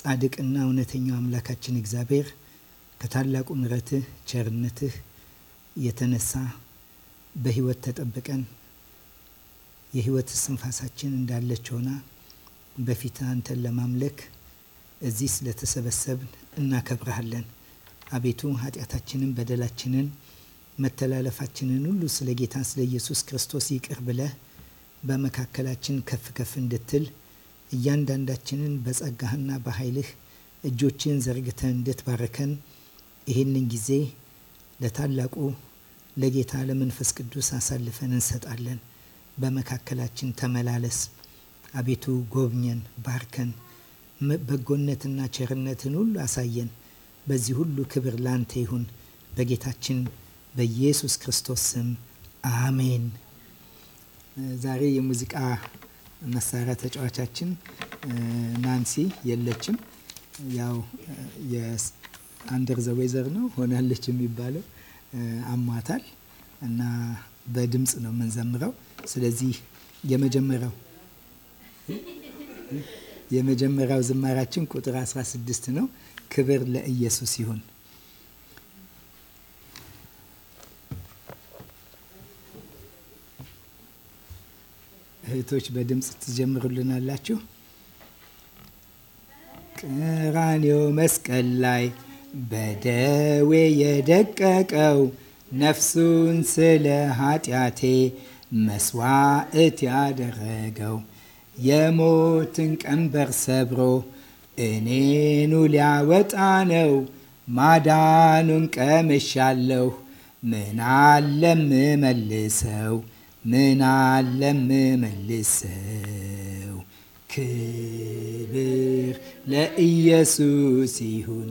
ጻድቅና እውነተኛው አምላካችን እግዚአብሔር ከታላቁ ምረትህ ቸርነትህ የተነሳ በህይወት ተጠብቀን የህይወት ስንፋሳችን እንዳለች ሆና በፊት አንተን ለማምለክ እዚህ ስለተሰበሰብን እናከብረሃለን። አቤቱ ኃጢአታችንን፣ በደላችንን፣ መተላለፋችንን ሁሉ ስለ ጌታ ስለ ኢየሱስ ክርስቶስ ይቅር ብለህ በመካከላችን ከፍ ከፍ እንድትል እያንዳንዳችንን በጸጋህና በኃይልህ እጆችን ዘርግተን እንድትባርከን ይህንን ጊዜ ለታላቁ ለጌታ ለመንፈስ ቅዱስ አሳልፈን እንሰጣለን። በመካከላችን ተመላለስ አቤቱ፣ ጎብኘን፣ ባርከን፣ በጎነትና ቸርነትን ሁሉ አሳየን። በዚህ ሁሉ ክብር ላንተ ይሁን። በጌታችን በኢየሱስ ክርስቶስ ስም አሜን። ዛሬ የሙዚቃ መሳሪያ ተጫዋቻችን ናንሲ የለችም። ያው አንደር ዘ ዌዘር ነው ሆናለች የሚባለው አሟታል እና በድምፅ ነው የምንዘምረው። ስለዚህ የመጀመሪያው የመጀመሪያው ዝማራችን ቁጥር 16 ነው። ክብር ለኢየሱስ ይሁን። እህቶች በድምፅ ትጀምሩልናላችሁ። ቅራኔው መስቀል ላይ በደዌ የደቀቀው ነፍሱን ስለ ኃጢአቴ መስዋዕት ያደረገው የሞትን ቀንበር ሰብሮ እኔኑ ሊያወጣ ነው። ማዳኑን ቀምሻለሁ፣ ምን አለ ምመልሰው ምን አለም መልሰው ክብር ለኢየሱስ ይሁን።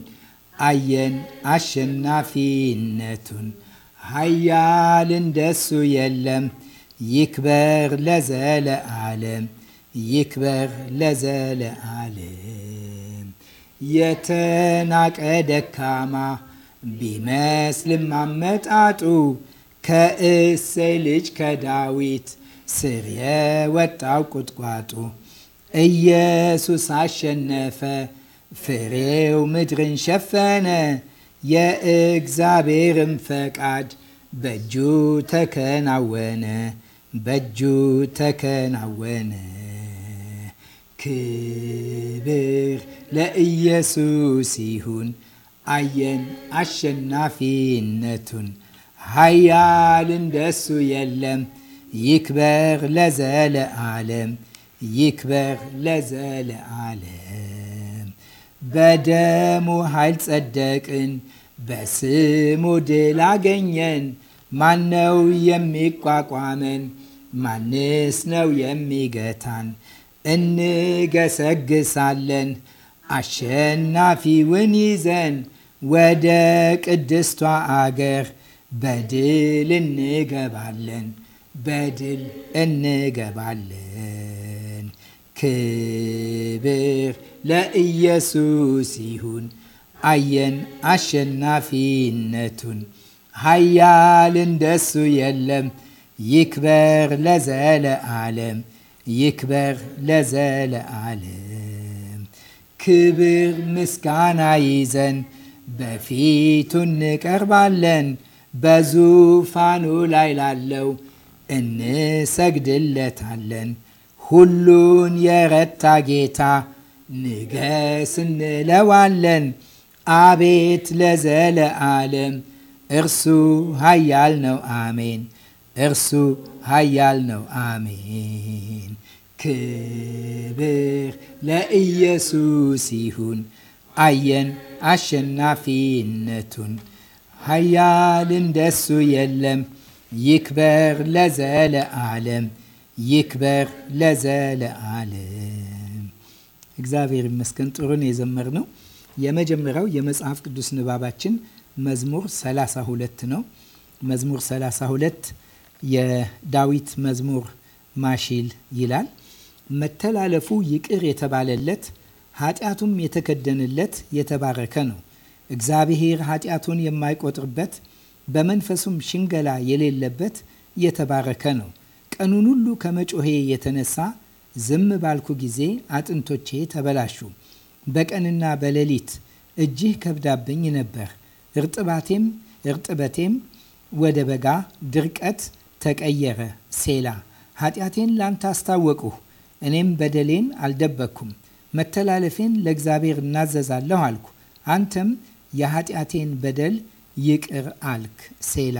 አየን አሸናፊነቱን ኃያል እንደሱ የለም። ይክበር ለዘለ ዓለም ይክበር ለዘለ ዓለም። የተናቀ ደካማ ቢመስልም አመጣጡ ከእሴይ ልጅ ከዳዊት ስር የወጣው ቁጥቋጦ ኢየሱስ አሸነፈ፣ ፍሬው ምድርን ሸፈነ። የእግዚአብሔርም ፈቃድ በእጁ ተከናወነ፣ በእጁ ተከናወነ። ክብር ለኢየሱስ ይሁን። አየን አሸናፊነቱን ኃያል እንደሱ የለም። ይክበር ለዘለ ዓለም ይክበር ለዘለ ዓለም። በደሙ ኃይል ጸደቅን፣ በስሙ ድል አገኘን። ማነው የሚቋቋመን? ማንስ ነው የሚገታን? እንገሰግሳለን አሸናፊውን ይዘን ወደ ቅድስቷ አገር በድል እንገባለን በድል እንገባለን። ክብር ለኢየሱስ ይሁን። አየን አሸናፊነቱን ኃያል እንደሱ የለም። ይክበር ለዘለ ዓለም ይክበር ለዘለ ዓለም። ክብር ምስጋና ይዘን በፊቱ እንቀርባለን። በዙፋኑ ላይ ላለው እንሰግድለታለን። ሁሉን የረታ ጌታ ንገስ እንለዋለን። አቤት ለዘለ ዓለም እርሱ ኃያል ነው አሜን። እርሱ ኃያል ነው አሜን። ክብር ለኢየሱስ ይሁን። አየን አሸናፊነቱን ኃያል እንደሱ የለም። ይክበር ለዘለ ዓለም ይክበር ለዘለ ዓለም። እግዚአብሔር ይመስገን። ጥሩን የዘመር ነው። የመጀመሪያው የመጽሐፍ ቅዱስ ንባባችን መዝሙር 32 ነው። መዝሙር 32 የዳዊት መዝሙር ማሺል ይላል። መተላለፉ ይቅር የተባለለት ኃጢአቱም የተከደነለት የተባረከ ነው። እግዚአብሔር ኃጢአቱን የማይቆጥርበት በመንፈሱም ሽንገላ የሌለበት የተባረከ ነው። ቀኑን ሁሉ ከመጮሄ የተነሳ ዝም ባልኩ ጊዜ አጥንቶቼ ተበላሹ። በቀንና በሌሊት እጅህ ከብዳብኝ ነበር። እርጥባቴም እርጥበቴም ወደ በጋ ድርቀት ተቀየረ። ሴላ ኃጢአቴን ላንተ አስታወቅሁ፣ እኔም በደሌን አልደበቅኩም። መተላለፌን ለእግዚአብሔር እናዘዛለሁ አልኩ፣ አንተም የኃጢአቴን በደል ይቅር አልክ። ሴላ።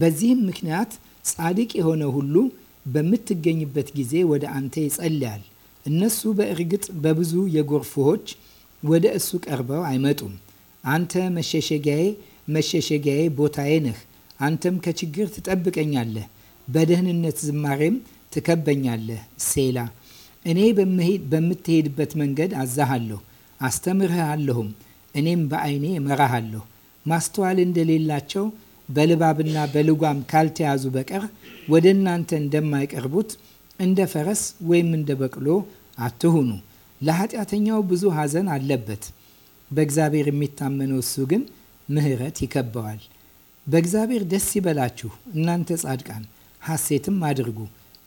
በዚህም ምክንያት ጻድቅ የሆነ ሁሉ በምትገኝበት ጊዜ ወደ አንተ ይጸልያል። እነሱ በእርግጥ በብዙ የጎርፍ ወደ እሱ ቀርበው አይመጡም። አንተ መሸሸጊያዬ መሸሸጊያዬ ቦታዬ ነህ። አንተም ከችግር ትጠብቀኛለህ፣ በደህንነት ዝማሬም ትከበኛለህ። ሴላ። እኔ በምትሄድበት መንገድ አዛሃለሁ፣ አለሁም። እኔም በዓይኔ እመራሃለሁ። ማስተዋል እንደሌላቸው በልባብና በልጓም ካልተያዙ በቀር ወደ እናንተ እንደማይቀርቡት እንደ ፈረስ ወይም እንደ በቅሎ አትሁኑ። ለኃጢአተኛው ብዙ ሐዘን አለበት፣ በእግዚአብሔር የሚታመነው እሱ ግን ምሕረት ይከበዋል። በእግዚአብሔር ደስ ይበላችሁ እናንተ ጻድቃን፣ ሐሴትም አድርጉ፣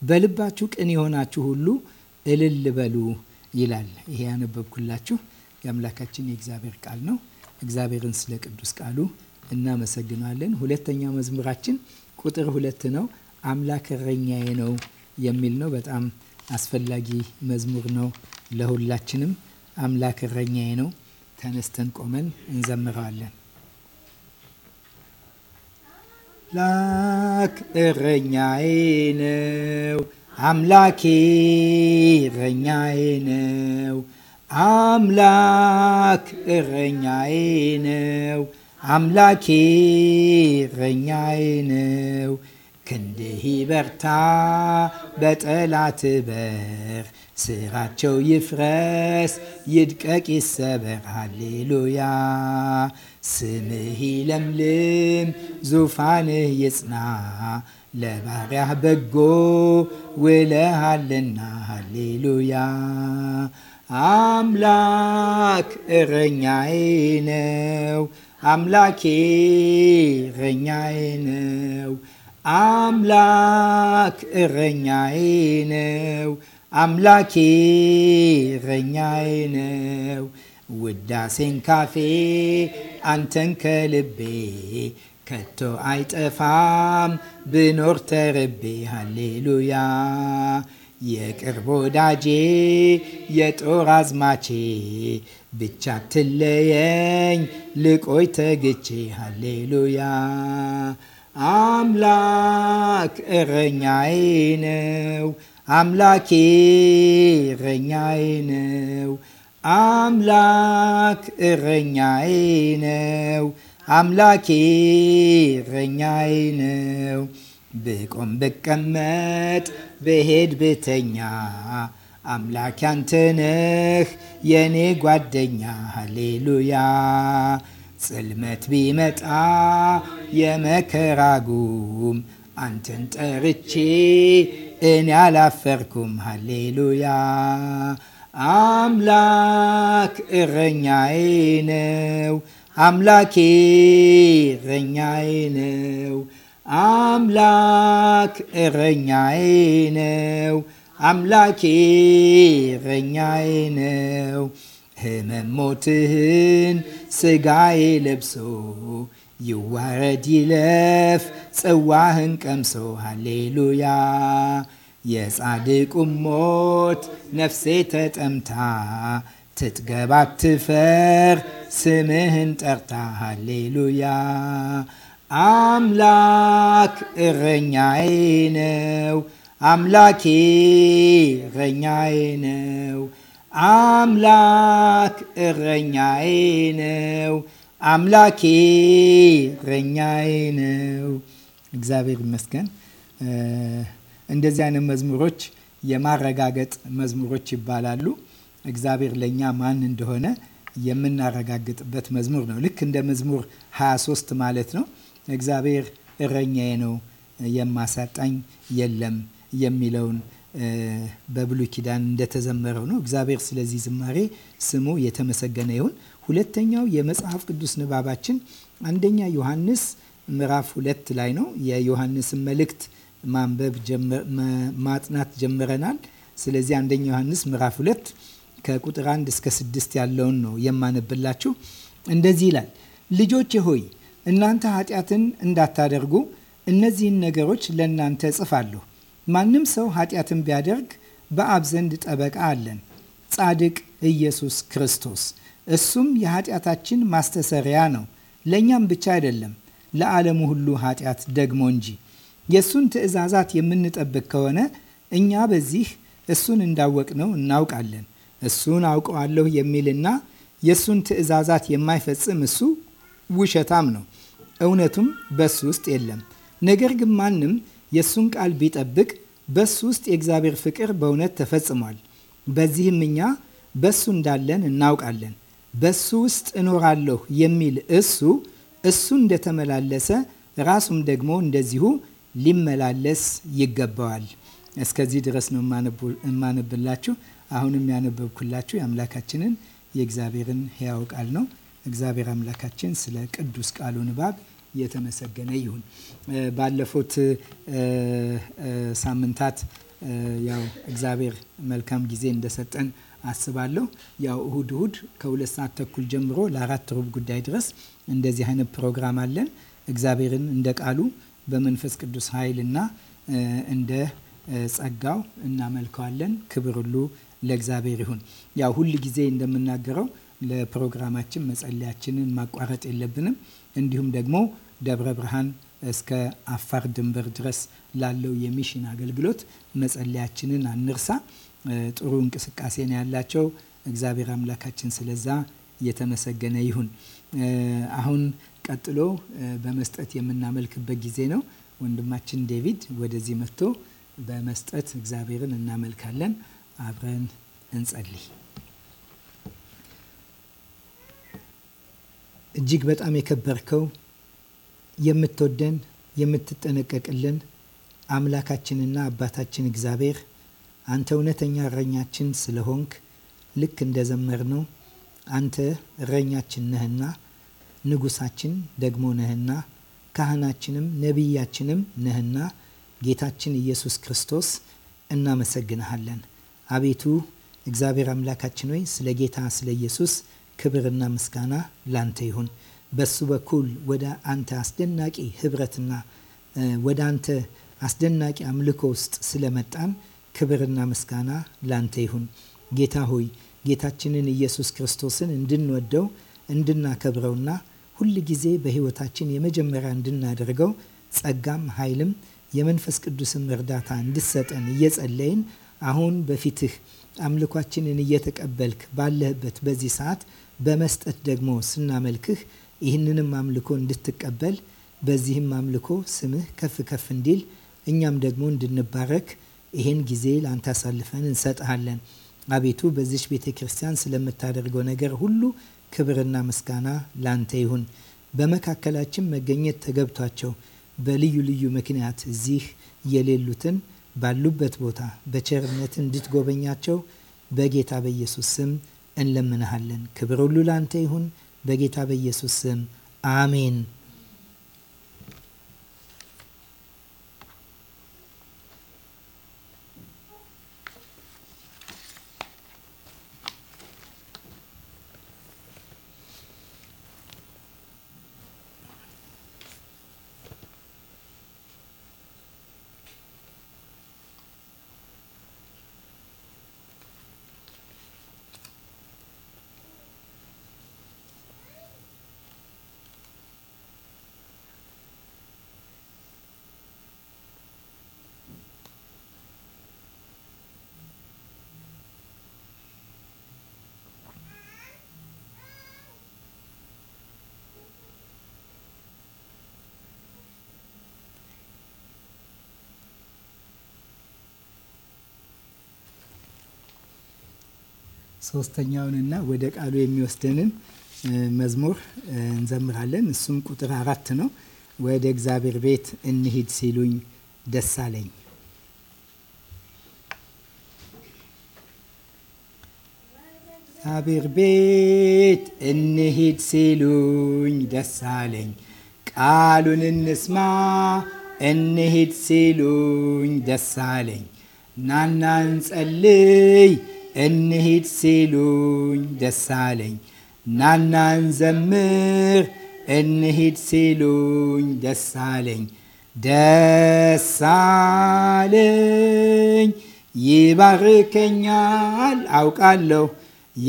በልባችሁ ቅን የሆናችሁ ሁሉ እልል በሉ ይላል። ይሄ ያነበብኩላችሁ የአምላካችን የእግዚአብሔር ቃል ነው። እግዚአብሔርን ስለ ቅዱስ ቃሉ እናመሰግናለን። ሁለተኛ መዝሙራችን ቁጥር ሁለት ነው። አምላክ እረኛዬ ነው የሚል ነው። በጣም አስፈላጊ መዝሙር ነው ለሁላችንም። አምላክ እረኛዬ ነው። ተነስተን ቆመን እንዘምረዋለን። ላክ እረኛዬ ነው አምላኬ እረኛዬ ነው አምላክ እረኛዬ ነው፣ አምላኬ እረኛዬ ነው። ክንድህ በርታ በጠላት በር፣ ስራቸው ይፍረስ ይድቀቅ ይሰበር። ሃሌሉያ ስምህ ለምልም ዙፋንህ ይጽና፣ ለባሪያህ በጎ ውለሃልና። ሃሌሉያ አምላክ እረኛዬ ነው። አምላኬ እረኛዬ ነው። አምላክ እረኛዬ ነው። አምላኬ እረኛዬ ነው። ውዳሴን ካፌ አንተን ከልቤ ከቶ አይጠፋም ብኖር ተርቤ ሃሌሉያ የቅርብ ወዳጄ የጦር አዝማቼ ብቻ ትለየኝ ልቆይ ተግቼ ሃሌሉያ አምላክ እረኛዬ ነው አምላኬ እረኛዬ ነው አምላክ እረኛዬ ነው አምላኬ እረኛዬ ነው ብቆም ብቀመጥ በሄድ ብተኛ አምላክ ያንተነህ የኔ ጓደኛ ሃሌሉያ ጽልመት ቢመጣ የመከራ ጉም አንተን ጠርቼ እኔ አላፈርኩም ሃሌሉያ አምላክ እረኛዬ ነው አምላኬ እረኛዬ ነው አምላክ እረኛዬ ነው፣ አምላኬ እረኛዬ ነው። ሕመም ሞትህን ስጋዬ ለብሶ ይዋረድ ይለፍ ጽዋህን ቀምሶ ሃሌሉያ የጻድቁም ሞት ነፍሴ ተጠምታ ትትገባ ትፈር ስምህን ጠርታ ሃሌሉያ አምላክ እረኛዬ ነው። አምላኬ እረኛዬ ነው። አምላክ እረኛዬ ነው። አምላኬ እረኛዬ ነው። እግዚአብሔር ይመስገን። እንደዚህ አይነት መዝሙሮች የማረጋገጥ መዝሙሮች ይባላሉ። እግዚአብሔር ለእኛ ማን እንደሆነ የምናረጋግጥበት መዝሙር ነው። ልክ እንደ መዝሙር 23 ማለት ነው። እግዚአብሔር እረኛዬ ነው የማሳጣኝ የለም የሚለውን በብሉይ ኪዳን እንደተዘመረው ነው። እግዚአብሔር ስለዚህ ዝማሬ ስሙ የተመሰገነ ይሁን። ሁለተኛው የመጽሐፍ ቅዱስ ንባባችን አንደኛ ዮሐንስ ምዕራፍ ሁለት ላይ ነው። የዮሐንስን መልእክት ማንበብ ማጥናት ጀምረናል። ስለዚህ አንደኛ ዮሐንስ ምዕራፍ ሁለት ከቁጥር አንድ እስከ ስድስት ያለውን ነው የማነብላችሁ። እንደዚህ ይላል ልጆቼ ሆይ እናንተ ኃጢአትን እንዳታደርጉ እነዚህን ነገሮች ለእናንተ እጽፋለሁ። ማንም ሰው ኃጢአትን ቢያደርግ በአብ ዘንድ ጠበቃ አለን፣ ጻድቅ ኢየሱስ ክርስቶስ። እሱም የኃጢአታችን ማስተሰሪያ ነው፣ ለእኛም ብቻ አይደለም፣ ለዓለሙ ሁሉ ኃጢአት ደግሞ እንጂ። የእሱን ትእዛዛት የምንጠብቅ ከሆነ እኛ በዚህ እሱን እንዳወቅነው እናውቃለን። እሱን አውቀዋለሁ የሚልና የእሱን ትእዛዛት የማይፈጽም እሱ ውሸታም ነው፣ እውነቱም በሱ ውስጥ የለም። ነገር ግን ማንም የእሱን ቃል ቢጠብቅ በሱ ውስጥ የእግዚአብሔር ፍቅር በእውነት ተፈጽሟል። በዚህም እኛ በሱ እንዳለን እናውቃለን። በሱ ውስጥ እኖራለሁ የሚል እሱ እሱ እንደተመላለሰ ራሱም ደግሞ እንደዚሁ ሊመላለስ ይገባዋል። እስከዚህ ድረስ ነው የማነብላችሁ። አሁንም ያነበብኩላችሁ የአምላካችንን የእግዚአብሔርን ሕያው ቃል ነው። እግዚአብሔር አምላካችን ስለ ቅዱስ ቃሉ ንባብ የተመሰገነ ይሁን። ባለፉት ሳምንታት ያው እግዚአብሔር መልካም ጊዜ እንደሰጠን አስባለሁ። ያው እሁድ እሁድ ከሁለት ሰዓት ተኩል ጀምሮ ለአራት ሩብ ጉዳይ ድረስ እንደዚህ አይነት ፕሮግራም አለን። እግዚአብሔርን እንደ ቃሉ በመንፈስ ቅዱስ ኃይልና እንደ ጸጋው እናመልከዋለን። ክብር ሁሉ ለእግዚአብሔር ይሁን። ያው ሁል ጊዜ እንደምናገረው ለፕሮግራማችን መጸለያችንን ማቋረጥ የለብንም። እንዲሁም ደግሞ ደብረ ብርሃን እስከ አፋር ድንበር ድረስ ላለው የሚሽን አገልግሎት መጸለያችንን አንርሳ። ጥሩ እንቅስቃሴ ነው ያላቸው። እግዚአብሔር አምላካችን ስለዛ የተመሰገነ ይሁን። አሁን ቀጥሎ በመስጠት የምናመልክበት ጊዜ ነው። ወንድማችን ዴቪድ ወደዚህ መጥቶ በመስጠት እግዚአብሔርን እናመልካለን። አብረን እንጸልይ። እጅግ በጣም የከበርከው የምትወደን የምትጠነቀቅልን አምላካችንና አባታችን እግዚአብሔር አንተ እውነተኛ እረኛችን ስለሆንክ ልክ እንደ ዘመር ነው አንተ እረኛችን ነህና ንጉሳችን ደግሞ ነህና ካህናችንም ነቢያችንም ነህና ጌታችን ኢየሱስ ክርስቶስ እናመሰግንሃለን። አቤቱ እግዚአብሔር አምላካችን ሆይ ስለ ጌታ ስለ ኢየሱስ ክብርና ምስጋና ላንተ ይሁን። በሱ በኩል ወደ አንተ አስደናቂ ህብረትና ወደ አንተ አስደናቂ አምልኮ ውስጥ ስለመጣን ክብርና ምስጋና ላንተ ይሁን። ጌታ ሆይ ጌታችንን ኢየሱስ ክርስቶስን እንድንወደው እንድናከብረውና ሁል ጊዜ በህይወታችን የመጀመሪያ እንድናደርገው ጸጋም ኃይልም የመንፈስ ቅዱስም እርዳታ እንድሰጠን እየጸለይን አሁን በፊትህ አምልኳችንን እየተቀበልክ ባለህበት በዚህ ሰዓት በመስጠት ደግሞ ስናመልክህ ይህንንም አምልኮ እንድትቀበል በዚህም አምልኮ ስምህ ከፍ ከፍ እንዲል እኛም ደግሞ እንድንባረክ ይህን ጊዜ ለአንተ አሳልፈን እንሰጥሃለን። አቤቱ በዚች ቤተ ክርስቲያን ስለምታደርገው ነገር ሁሉ ክብርና ምስጋና ላንተ ይሁን። በመካከላችን መገኘት ተገብቷቸው በልዩ ልዩ ምክንያት እዚህ የሌሉትን ባሉበት ቦታ በቸርነት እንድትጎበኛቸው በጌታ በኢየሱስ ስም እንለምንሃለን። ክብር ሁሉ ላንተ ይሁን በጌታ በኢየሱስ ስም አሜን። ሶስተኛውንና ወደ ቃሉ የሚወስደንን መዝሙር እንዘምራለን። እሱም ቁጥር አራት ነው። ወደ እግዚአብሔር ቤት እንሂድ ሲሉኝ ደስ አለኝ። እግዚአብሔር ቤት እንሂድ ሲሉኝ ደስ አለኝ። ቃሉን እንስማ እንሂድ ሲሉኝ ደስ አለኝ። ናና እንጸልይ እንሂድ ሲሉኝ ደሳለኝ ናና እንዘምር እንሂድ ሲሉኝ ደሳለኝ ደሳለኝ ይባርከኛል አውቃለሁ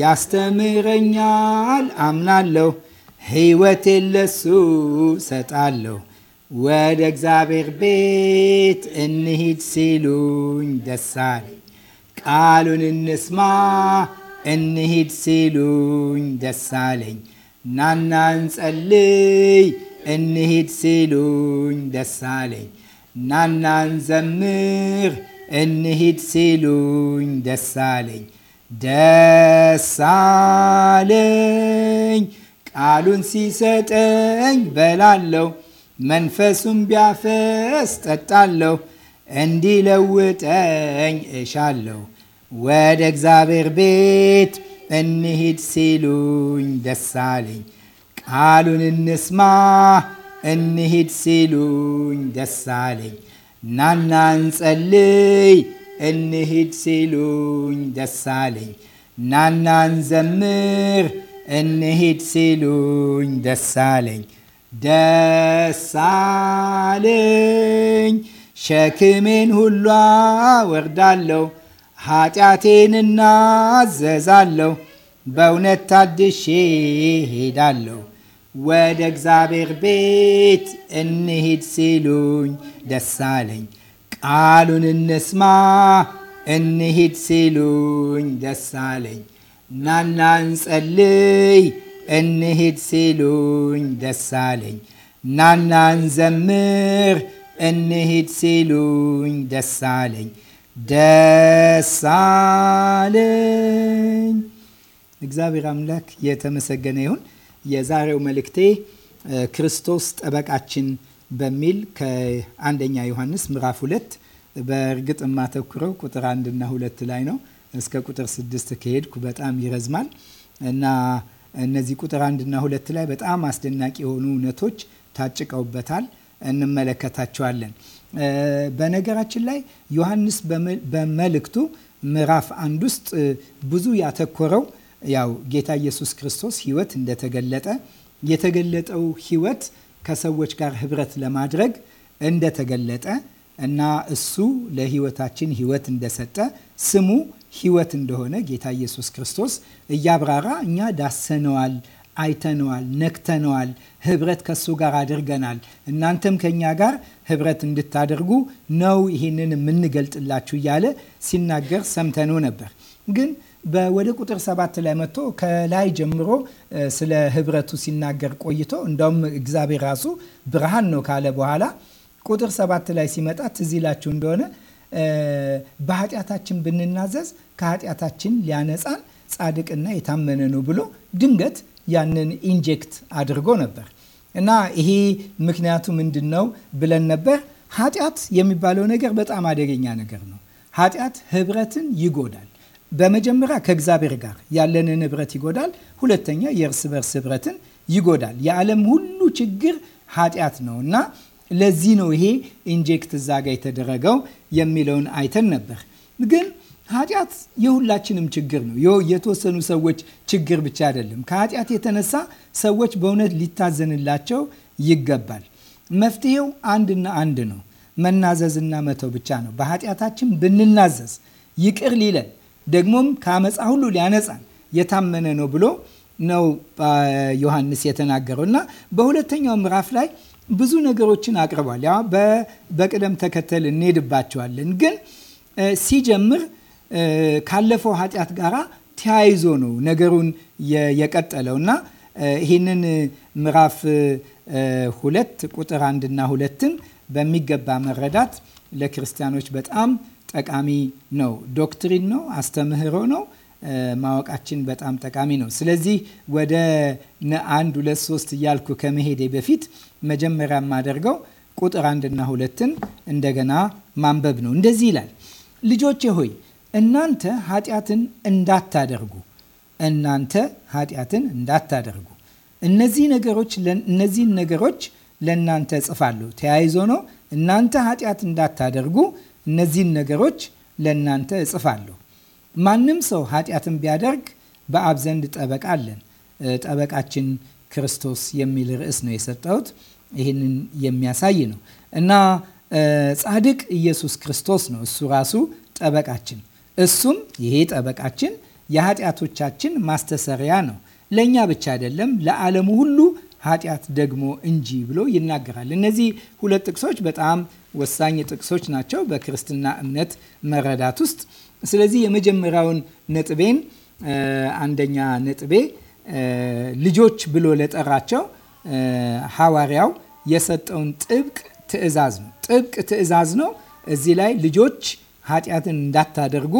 ያስተምረኛል አምናለሁ ሕይወቴ ለሱ ሰጣለሁ ወደ እግዚአብሔር ቤት እንሂድ ሲሉኝ ደሳለኝ ቃሉን እንስማ እንሂድ ሲሉኝ ደሳለኝ ናና እንጸልይ እንሂድ ሲሉኝ ደሳለኝ ናና እንዘምር እንሂድ ሲሉኝ ደሳለኝ ደሳለኝ ቃሉን ሲሰጠኝ በላለሁ መንፈሱም ቢያፈስ ጠጣለሁ እንዲለውጠኝ እሻለሁ ወደ እግዚአብሔር ቤት እንሂድ ሲሉኝ ደሳለኝ ቃሉን እንስማ እንሂድ ሲሉኝ ደሳለኝ ናና እንጸልይ እንሂድ ሲሉኝ ደሳለኝ ናና እንዘምር እንሂድ ሲሉኝ ደሳለኝ ደሳለኝ ሸክሜን ሁሉ አወርዳለሁ ኃጢአቴን እናዘዛለሁ፣ በእውነት ታድሼ ሄዳለሁ። ወደ እግዚአብሔር ቤት እንሂድ ሲሉኝ ደስ አለኝ። ቃሉን እንስማ እንሂድ ሲሉኝ ደስ አለኝ። ናና እንጸልይ እንሂድ ሲሉኝ ደስ አለኝ። ናና እንዘምር እንሂድ ሲሉኝ ደስ አለኝ። ደሳለኝ እግዚአብሔር አምላክ የተመሰገነ ይሁን። የዛሬው መልእክቴ ክርስቶስ ጠበቃችን በሚል ከአንደኛ ዮሐንስ ምዕራፍ ሁለት በእርግጥ የማተኩረው ቁጥር አንድና ሁለት ላይ ነው። እስከ ቁጥር ስድስት ከሄድኩ በጣም ይረዝማል እና እነዚህ ቁጥር አንድና ሁለት ላይ በጣም አስደናቂ የሆኑ እውነቶች ታጭቀውበታል። እንመለከታቸዋለን። በነገራችን ላይ ዮሐንስ በመልእክቱ ምዕራፍ አንድ ውስጥ ብዙ ያተኮረው ያው ጌታ ኢየሱስ ክርስቶስ ሕይወት እንደተገለጠ የተገለጠው ሕይወት ከሰዎች ጋር ህብረት ለማድረግ እንደተገለጠ እና እሱ ለህይወታችን ህይወት እንደሰጠ ስሙ ህይወት እንደሆነ ጌታ ኢየሱስ ክርስቶስ እያብራራ እኛ ዳሰነዋል፣ አይተነዋል፣ ነክተነዋል፣ ህብረት ከሱ ጋር አድርገናል። እናንተም ከእኛ ጋር ህብረት እንድታደርጉ ነው ይህንን የምንገልጥላችሁ እያለ ሲናገር ሰምተነው ነበር ግን ወደ ቁጥር ሰባት ላይ መጥቶ ከላይ ጀምሮ ስለ ህብረቱ ሲናገር ቆይቶ እንዳውም እግዚአብሔር ራሱ ብርሃን ነው ካለ በኋላ ቁጥር ሰባት ላይ ሲመጣ ትዝ ይላችሁ እንደሆነ በኃጢአታችን ብንናዘዝ ከኃጢአታችን ሊያነጻን ጻድቅና የታመነ ነው ብሎ ድንገት ያንን ኢንጀክት አድርጎ ነበር እና ይሄ ምክንያቱ ምንድን ነው ብለን ነበር። ኃጢአት የሚባለው ነገር በጣም አደገኛ ነገር ነው። ኃጢአት ህብረትን ይጎዳል። በመጀመሪያ ከእግዚአብሔር ጋር ያለንን ህብረት ይጎዳል። ሁለተኛ የእርስ በርስ ህብረትን ይጎዳል። የዓለም ሁሉ ችግር ኃጢአት ነው እና ለዚህ ነው ይሄ ኢንጀክት እዛ ጋ የተደረገው የሚለውን አይተን ነበር ግን ኃጢአት የሁላችንም ችግር ነው። የተወሰኑ ሰዎች ችግር ብቻ አይደለም። ከኃጢአት የተነሳ ሰዎች በእውነት ሊታዘንላቸው ይገባል። መፍትሄው አንድና አንድ ነው። መናዘዝና መተው ብቻ ነው። በኃጢአታችን ብንናዘዝ ይቅር ሊለን ደግሞም ከአመፃ ሁሉ ሊያነጻን የታመነ ነው ብሎ ነው ዮሐንስ የተናገረው እና በሁለተኛው ምዕራፍ ላይ ብዙ ነገሮችን አቅርቧል። ያ በቅደም ተከተል እንሄድባቸዋለን። ግን ሲጀምር ካለፈው ኃጢአት ጋር ተያይዞ ነው ነገሩን የቀጠለው እና ይህንን ምዕራፍ ሁለት ቁጥር አንድና ሁለትን በሚገባ መረዳት ለክርስቲያኖች በጣም ጠቃሚ ነው። ዶክትሪን ነው፣ አስተምህሮ ነው። ማወቃችን በጣም ጠቃሚ ነው። ስለዚህ ወደ አንድ ሁለት ሶስት እያልኩ ከመሄዴ በፊት መጀመሪያ የማደርገው ቁጥር አንድና ሁለትን እንደገና ማንበብ ነው። እንደዚህ ይላል ልጆቼ ሆይ እናንተ ኃጢአትን እንዳታደርጉ እናንተ ኃጢአትን እንዳታደርጉ እነዚህ ነገሮች እነዚህን ነገሮች ለእናንተ እጽፋለሁ። ተያይዞ ነው። እናንተ ኃጢአት እንዳታደርጉ እነዚህን ነገሮች ለእናንተ እጽፋለሁ። ማንም ሰው ኃጢአትን ቢያደርግ በአብ ዘንድ ጠበቃ አለን። ጠበቃችን ክርስቶስ የሚል ርዕስ ነው የሰጠሁት። ይህንን የሚያሳይ ነው እና ጻድቅ ኢየሱስ ክርስቶስ ነው። እሱ ራሱ ጠበቃችን እሱም ይሄ ጠበቃችን የኃጢአቶቻችን ማስተሰሪያ ነው፣ ለእኛ ብቻ አይደለም ለዓለሙ ሁሉ ኃጢአት ደግሞ እንጂ ብሎ ይናገራል። እነዚህ ሁለት ጥቅሶች በጣም ወሳኝ ጥቅሶች ናቸው በክርስትና እምነት መረዳት ውስጥ። ስለዚህ የመጀመሪያውን ነጥቤን አንደኛ ነጥቤ ልጆች ብሎ ለጠራቸው ሐዋርያው የሰጠውን ጥብቅ ትእዛዝ ነው። ጥብቅ ትእዛዝ ነው። እዚህ ላይ ልጆች ኃጢአትን እንዳታደርጉ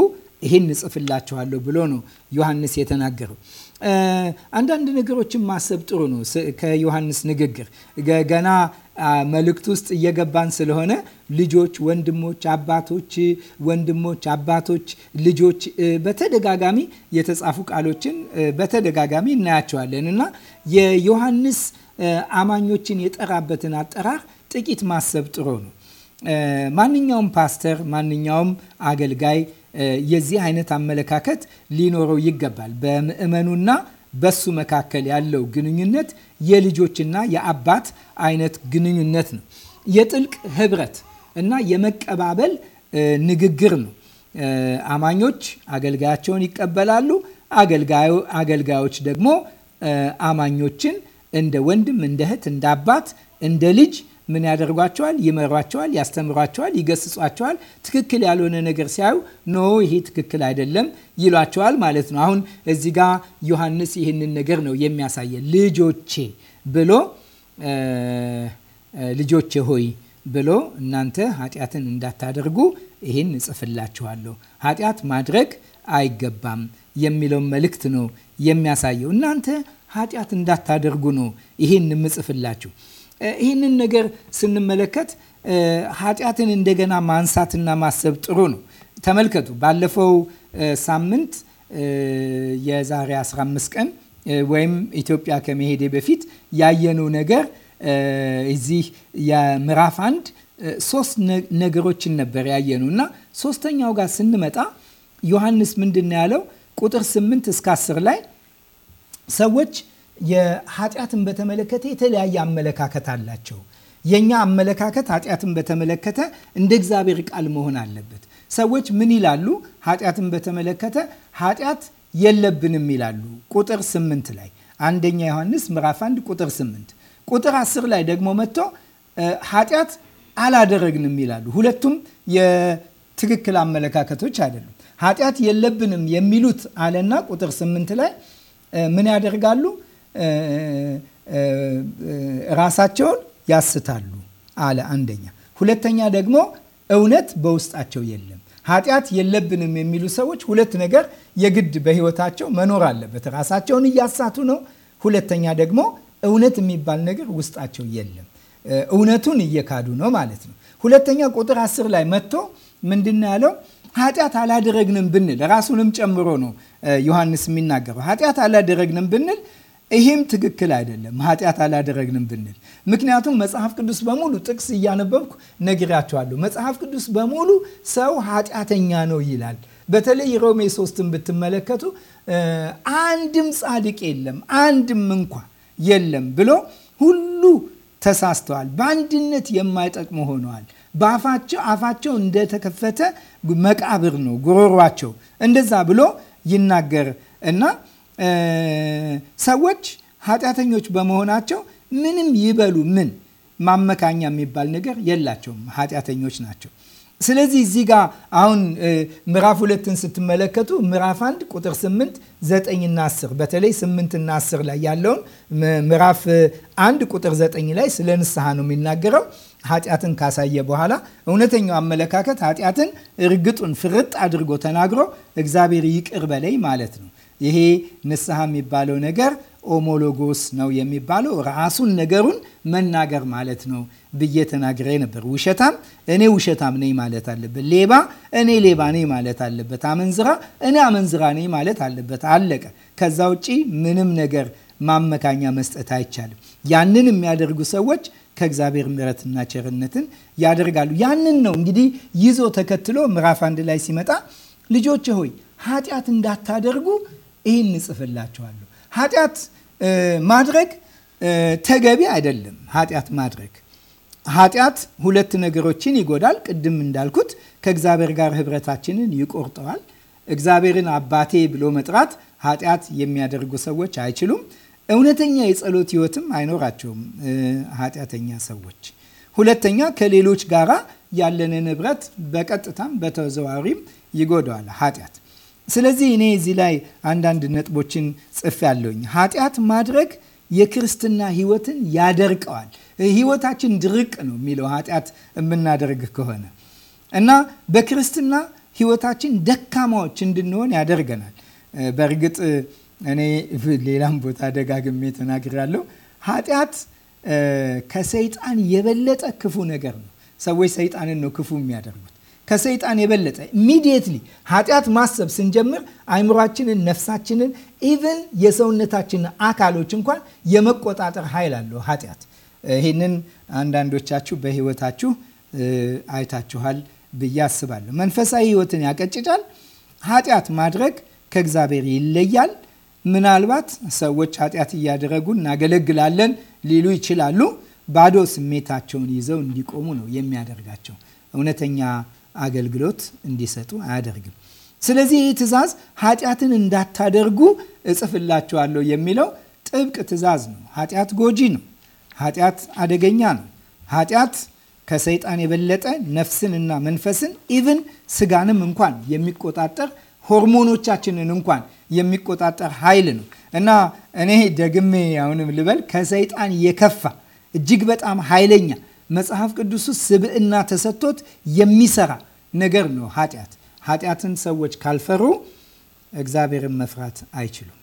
ይህን እጽፍላችኋለሁ ብሎ ነው ዮሐንስ የተናገረው። አንዳንድ ነገሮችን ማሰብ ጥሩ ነው። ከዮሐንስ ንግግር ገና መልእክት ውስጥ እየገባን ስለሆነ ልጆች፣ ወንድሞች፣ አባቶች፣ ወንድሞች፣ አባቶች፣ ልጆች በተደጋጋሚ የተጻፉ ቃሎችን በተደጋጋሚ እናያቸዋለን እና የዮሐንስ አማኞችን የጠራበትን አጠራር ጥቂት ማሰብ ጥሩ ነው። ማንኛውም ፓስተር፣ ማንኛውም አገልጋይ የዚህ አይነት አመለካከት ሊኖረው ይገባል። በምእመኑና በሱ መካከል ያለው ግንኙነት የልጆችና የአባት አይነት ግንኙነት ነው። የጥልቅ ህብረት እና የመቀባበል ንግግር ነው። አማኞች አገልጋያቸውን ይቀበላሉ። አገልጋዮች ደግሞ አማኞችን እንደ ወንድም፣ እንደ እህት፣ እንደ አባት፣ እንደ ልጅ ምን ያደርጓቸዋል? ይመሯቸዋል፣ ያስተምሯቸዋል፣ ይገስጿቸዋል። ትክክል ያልሆነ ነገር ሲያዩ ኖ ይሄ ትክክል አይደለም ይሏቸዋል ማለት ነው። አሁን እዚህ ጋ ዮሐንስ ይህንን ነገር ነው የሚያሳየ ልጆቼ ብሎ ልጆቼ ሆይ ብሎ እናንተ ኃጢአትን እንዳታደርጉ ይህን እጽፍላችኋለሁ። ኃጢአት ማድረግ አይገባም የሚለውን መልእክት ነው የሚያሳየው። እናንተ ኃጢአት እንዳታደርጉ ነው ይህን የምጽፍላችሁ። ይህንን ነገር ስንመለከት ኃጢአትን እንደገና ማንሳትና ማሰብ ጥሩ ነው። ተመልከቱ፣ ባለፈው ሳምንት የዛሬ 15 ቀን ወይም ኢትዮጵያ ከመሄዴ በፊት ያየነው ነገር እዚህ የምዕራፍ አንድ ሶስት ነገሮችን ነበር ያየነው እና ሶስተኛው ጋር ስንመጣ ዮሐንስ ምንድን ነው ያለው? ቁጥር 8 እስከ 10 ላይ ሰዎች የኃጢአትን በተመለከተ የተለያየ አመለካከት አላቸው። የእኛ አመለካከት ኃጢአትን በተመለከተ እንደ እግዚአብሔር ቃል መሆን አለበት። ሰዎች ምን ይላሉ? ኃጢአትን በተመለከተ ኃጢአት የለብንም ይላሉ። ቁጥር ስምንት ላይ አንደኛ ዮሐንስ ምዕራፍ 1 ቁጥር 8 ቁጥር 10 ላይ ደግሞ መጥቶ ኃጢአት አላደረግንም ይላሉ። ሁለቱም የትክክል አመለካከቶች አይደሉም። ኃጢአት የለብንም የሚሉት አለና ቁጥር 8 ላይ ምን ያደርጋሉ? ራሳቸውን ያስታሉ አለ። አንደኛ። ሁለተኛ ደግሞ እውነት በውስጣቸው የለም። ኃጢአት የለብንም የሚሉ ሰዎች ሁለት ነገር የግድ በህይወታቸው መኖር አለበት። ራሳቸውን እያሳቱ ነው። ሁለተኛ ደግሞ እውነት የሚባል ነገር ውስጣቸው የለም። እውነቱን እየካዱ ነው ማለት ነው። ሁለተኛ ቁጥር አስር ላይ መጥቶ ምንድን ያለው? ኃጢአት አላደረግንም ብንል ራሱንም ጨምሮ ነው ዮሐንስ የሚናገረው። ኃጢአት አላደረግንም ብንል ይሄም ትክክል አይደለም፣ ኃጢአት አላደረግንም ብንል። ምክንያቱም መጽሐፍ ቅዱስ በሙሉ ጥቅስ እያነበብኩ ነግራቸዋለሁ። መጽሐፍ ቅዱስ በሙሉ ሰው ኃጢአተኛ ነው ይላል። በተለይ ሮሜ ሶስትን ብትመለከቱ አንድም ጻድቅ የለም አንድም እንኳ የለም ብሎ ሁሉ ተሳስተዋል፣ በአንድነት የማይጠቅሙ ሆነዋል። በአፋቸው አፋቸው እንደተከፈተ መቃብር ነው ጉሮሯቸው እንደዛ ብሎ ይናገር እና ሰዎች ኃጢአተኞች በመሆናቸው ምንም ይበሉ ምን ማመካኛ የሚባል ነገር የላቸውም። ኃጢአተኞች ናቸው። ስለዚህ እዚህ ጋር አሁን ምዕራፍ ሁለትን ስትመለከቱ ምዕራፍ አንድ ቁጥር ስምንት ዘጠኝና አስር በተለይ ስምንትና አስር ላይ ያለውን ምዕራፍ አንድ ቁጥር ዘጠኝ ላይ ስለ ንስሐ ነው የሚናገረው። ኃጢአትን ካሳየ በኋላ እውነተኛው አመለካከት ኃጢአትን እርግጡን ፍርጥ አድርጎ ተናግሮ እግዚአብሔር ይቅር በለይ ማለት ነው። ይሄ ንስሐ የሚባለው ነገር ኦሞሎጎስ ነው የሚባለው ራሱን ነገሩን መናገር ማለት ነው ብዬ ተናግሬ ነበር። ውሸታም እኔ ውሸታም ነኝ ማለት አለበት። ሌባ እኔ ሌባ ነኝ ማለት አለበት። አመንዝራ እኔ አመንዝራ ነኝ ማለት አለበት። አለቀ። ከዛ ውጪ ምንም ነገር ማመካኛ መስጠት አይቻልም። ያንን የሚያደርጉ ሰዎች ከእግዚአብሔር ምሕረትና ቸርነትን ያደርጋሉ። ያንን ነው እንግዲህ ይዞ ተከትሎ ምዕራፍ አንድ ላይ ሲመጣ ልጆች ሆይ ኃጢአት እንዳታደርጉ ይህን እጽፍላችኋለሁ። ኃጢአት ማድረግ ተገቢ አይደለም። ኃጢአት ማድረግ ኃጢአት ሁለት ነገሮችን ይጎዳል። ቅድም እንዳልኩት ከእግዚአብሔር ጋር ህብረታችንን ይቆርጠዋል። እግዚአብሔርን አባቴ ብሎ መጥራት ኃጢአት የሚያደርጉ ሰዎች አይችሉም። እውነተኛ የጸሎት ህይወትም አይኖራቸውም ኃጢአተኛ ሰዎች። ሁለተኛ ከሌሎች ጋራ ያለንን ህብረት በቀጥታም በተዘዋዋሪም ይጎዳዋል ኃጢአት ስለዚህ እኔ እዚህ ላይ አንዳንድ ነጥቦችን ጽፌ ያለሁኝ ኃጢአት ማድረግ የክርስትና ህይወትን ያደርቀዋል። ህይወታችን ድርቅ ነው የሚለው ኃጢአት የምናደርግ ከሆነ እና በክርስትና ህይወታችን ደካማዎች እንድንሆን ያደርገናል። በእርግጥ እኔ ሌላም ቦታ ደጋግሜ ተናግሬያለሁ። ኃጢአት ከሰይጣን የበለጠ ክፉ ነገር ነው። ሰዎች ሰይጣንን ነው ክፉ የሚያደርጉት። ከሰይጣን የበለጠ ኢሚዲየትሊ ኃጢአት ማሰብ ስንጀምር አይምሯችንን፣ ነፍሳችንን፣ ኢቨን የሰውነታችንን አካሎች እንኳን የመቆጣጠር ኃይል አለው ኃጢአት። ይህንን አንዳንዶቻችሁ በህይወታችሁ አይታችኋል ብዬ አስባለሁ። መንፈሳዊ ህይወትን ያቀጭጫል። ኃጢአት ማድረግ ከእግዚአብሔር ይለያል። ምናልባት ሰዎች ኃጢአት እያደረጉ እናገለግላለን ሊሉ ይችላሉ። ባዶ ስሜታቸውን ይዘው እንዲቆሙ ነው የሚያደርጋቸው እውነተኛ አገልግሎት እንዲሰጡ አያደርግም። ስለዚህ ይህ ትእዛዝ ኃጢአትን እንዳታደርጉ እጽፍላችኋለሁ የሚለው ጥብቅ ትእዛዝ ነው። ኃጢአት ጎጂ ነው። ኃጢአት አደገኛ ነው። ኃጢአት ከሰይጣን የበለጠ ነፍስን መንፈስን ኢቭን ስጋንም እንኳን የሚቆጣጠር ሆርሞኖቻችንን እንኳን የሚቆጣጠር ኃይል ነው እና እኔ ደግሜ አሁንም ልበል ከሰይጣን የከፋ እጅግ በጣም ኃይለኛ መጽሐፍ ቅዱስ ውስጥ ስብዕና ተሰጥቶት የሚሰራ ነገር ነው ኃጢአት። ኃጢአትን ሰዎች ካልፈሩ እግዚአብሔርን መፍራት አይችሉም።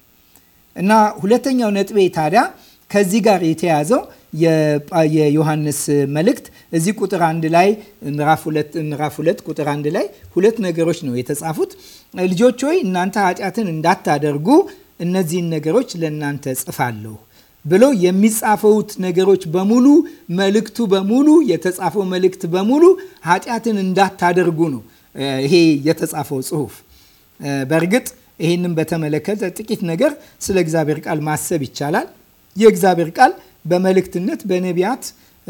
እና ሁለተኛው ነጥቤ ታዲያ ከዚህ ጋር የተያዘው የዮሐንስ መልእክት እዚህ ቁጥር አንድ ላይ ምዕራፍ ሁለት ቁጥር አንድ ላይ ሁለት ነገሮች ነው የተጻፉት። ልጆች ሆይ እናንተ ኃጢአትን እንዳታደርጉ እነዚህን ነገሮች ለእናንተ ጽፋለሁ ብሎ የሚጻፈውት ነገሮች በሙሉ መልእክቱ በሙሉ የተጻፈው መልእክት በሙሉ ኃጢአትን እንዳታደርጉ ነው። ይሄ የተጻፈው ጽሁፍ በእርግጥ ይህንም በተመለከተ ጥቂት ነገር ስለ እግዚአብሔር ቃል ማሰብ ይቻላል። የእግዚአብሔር ቃል በመልእክትነት በነቢያት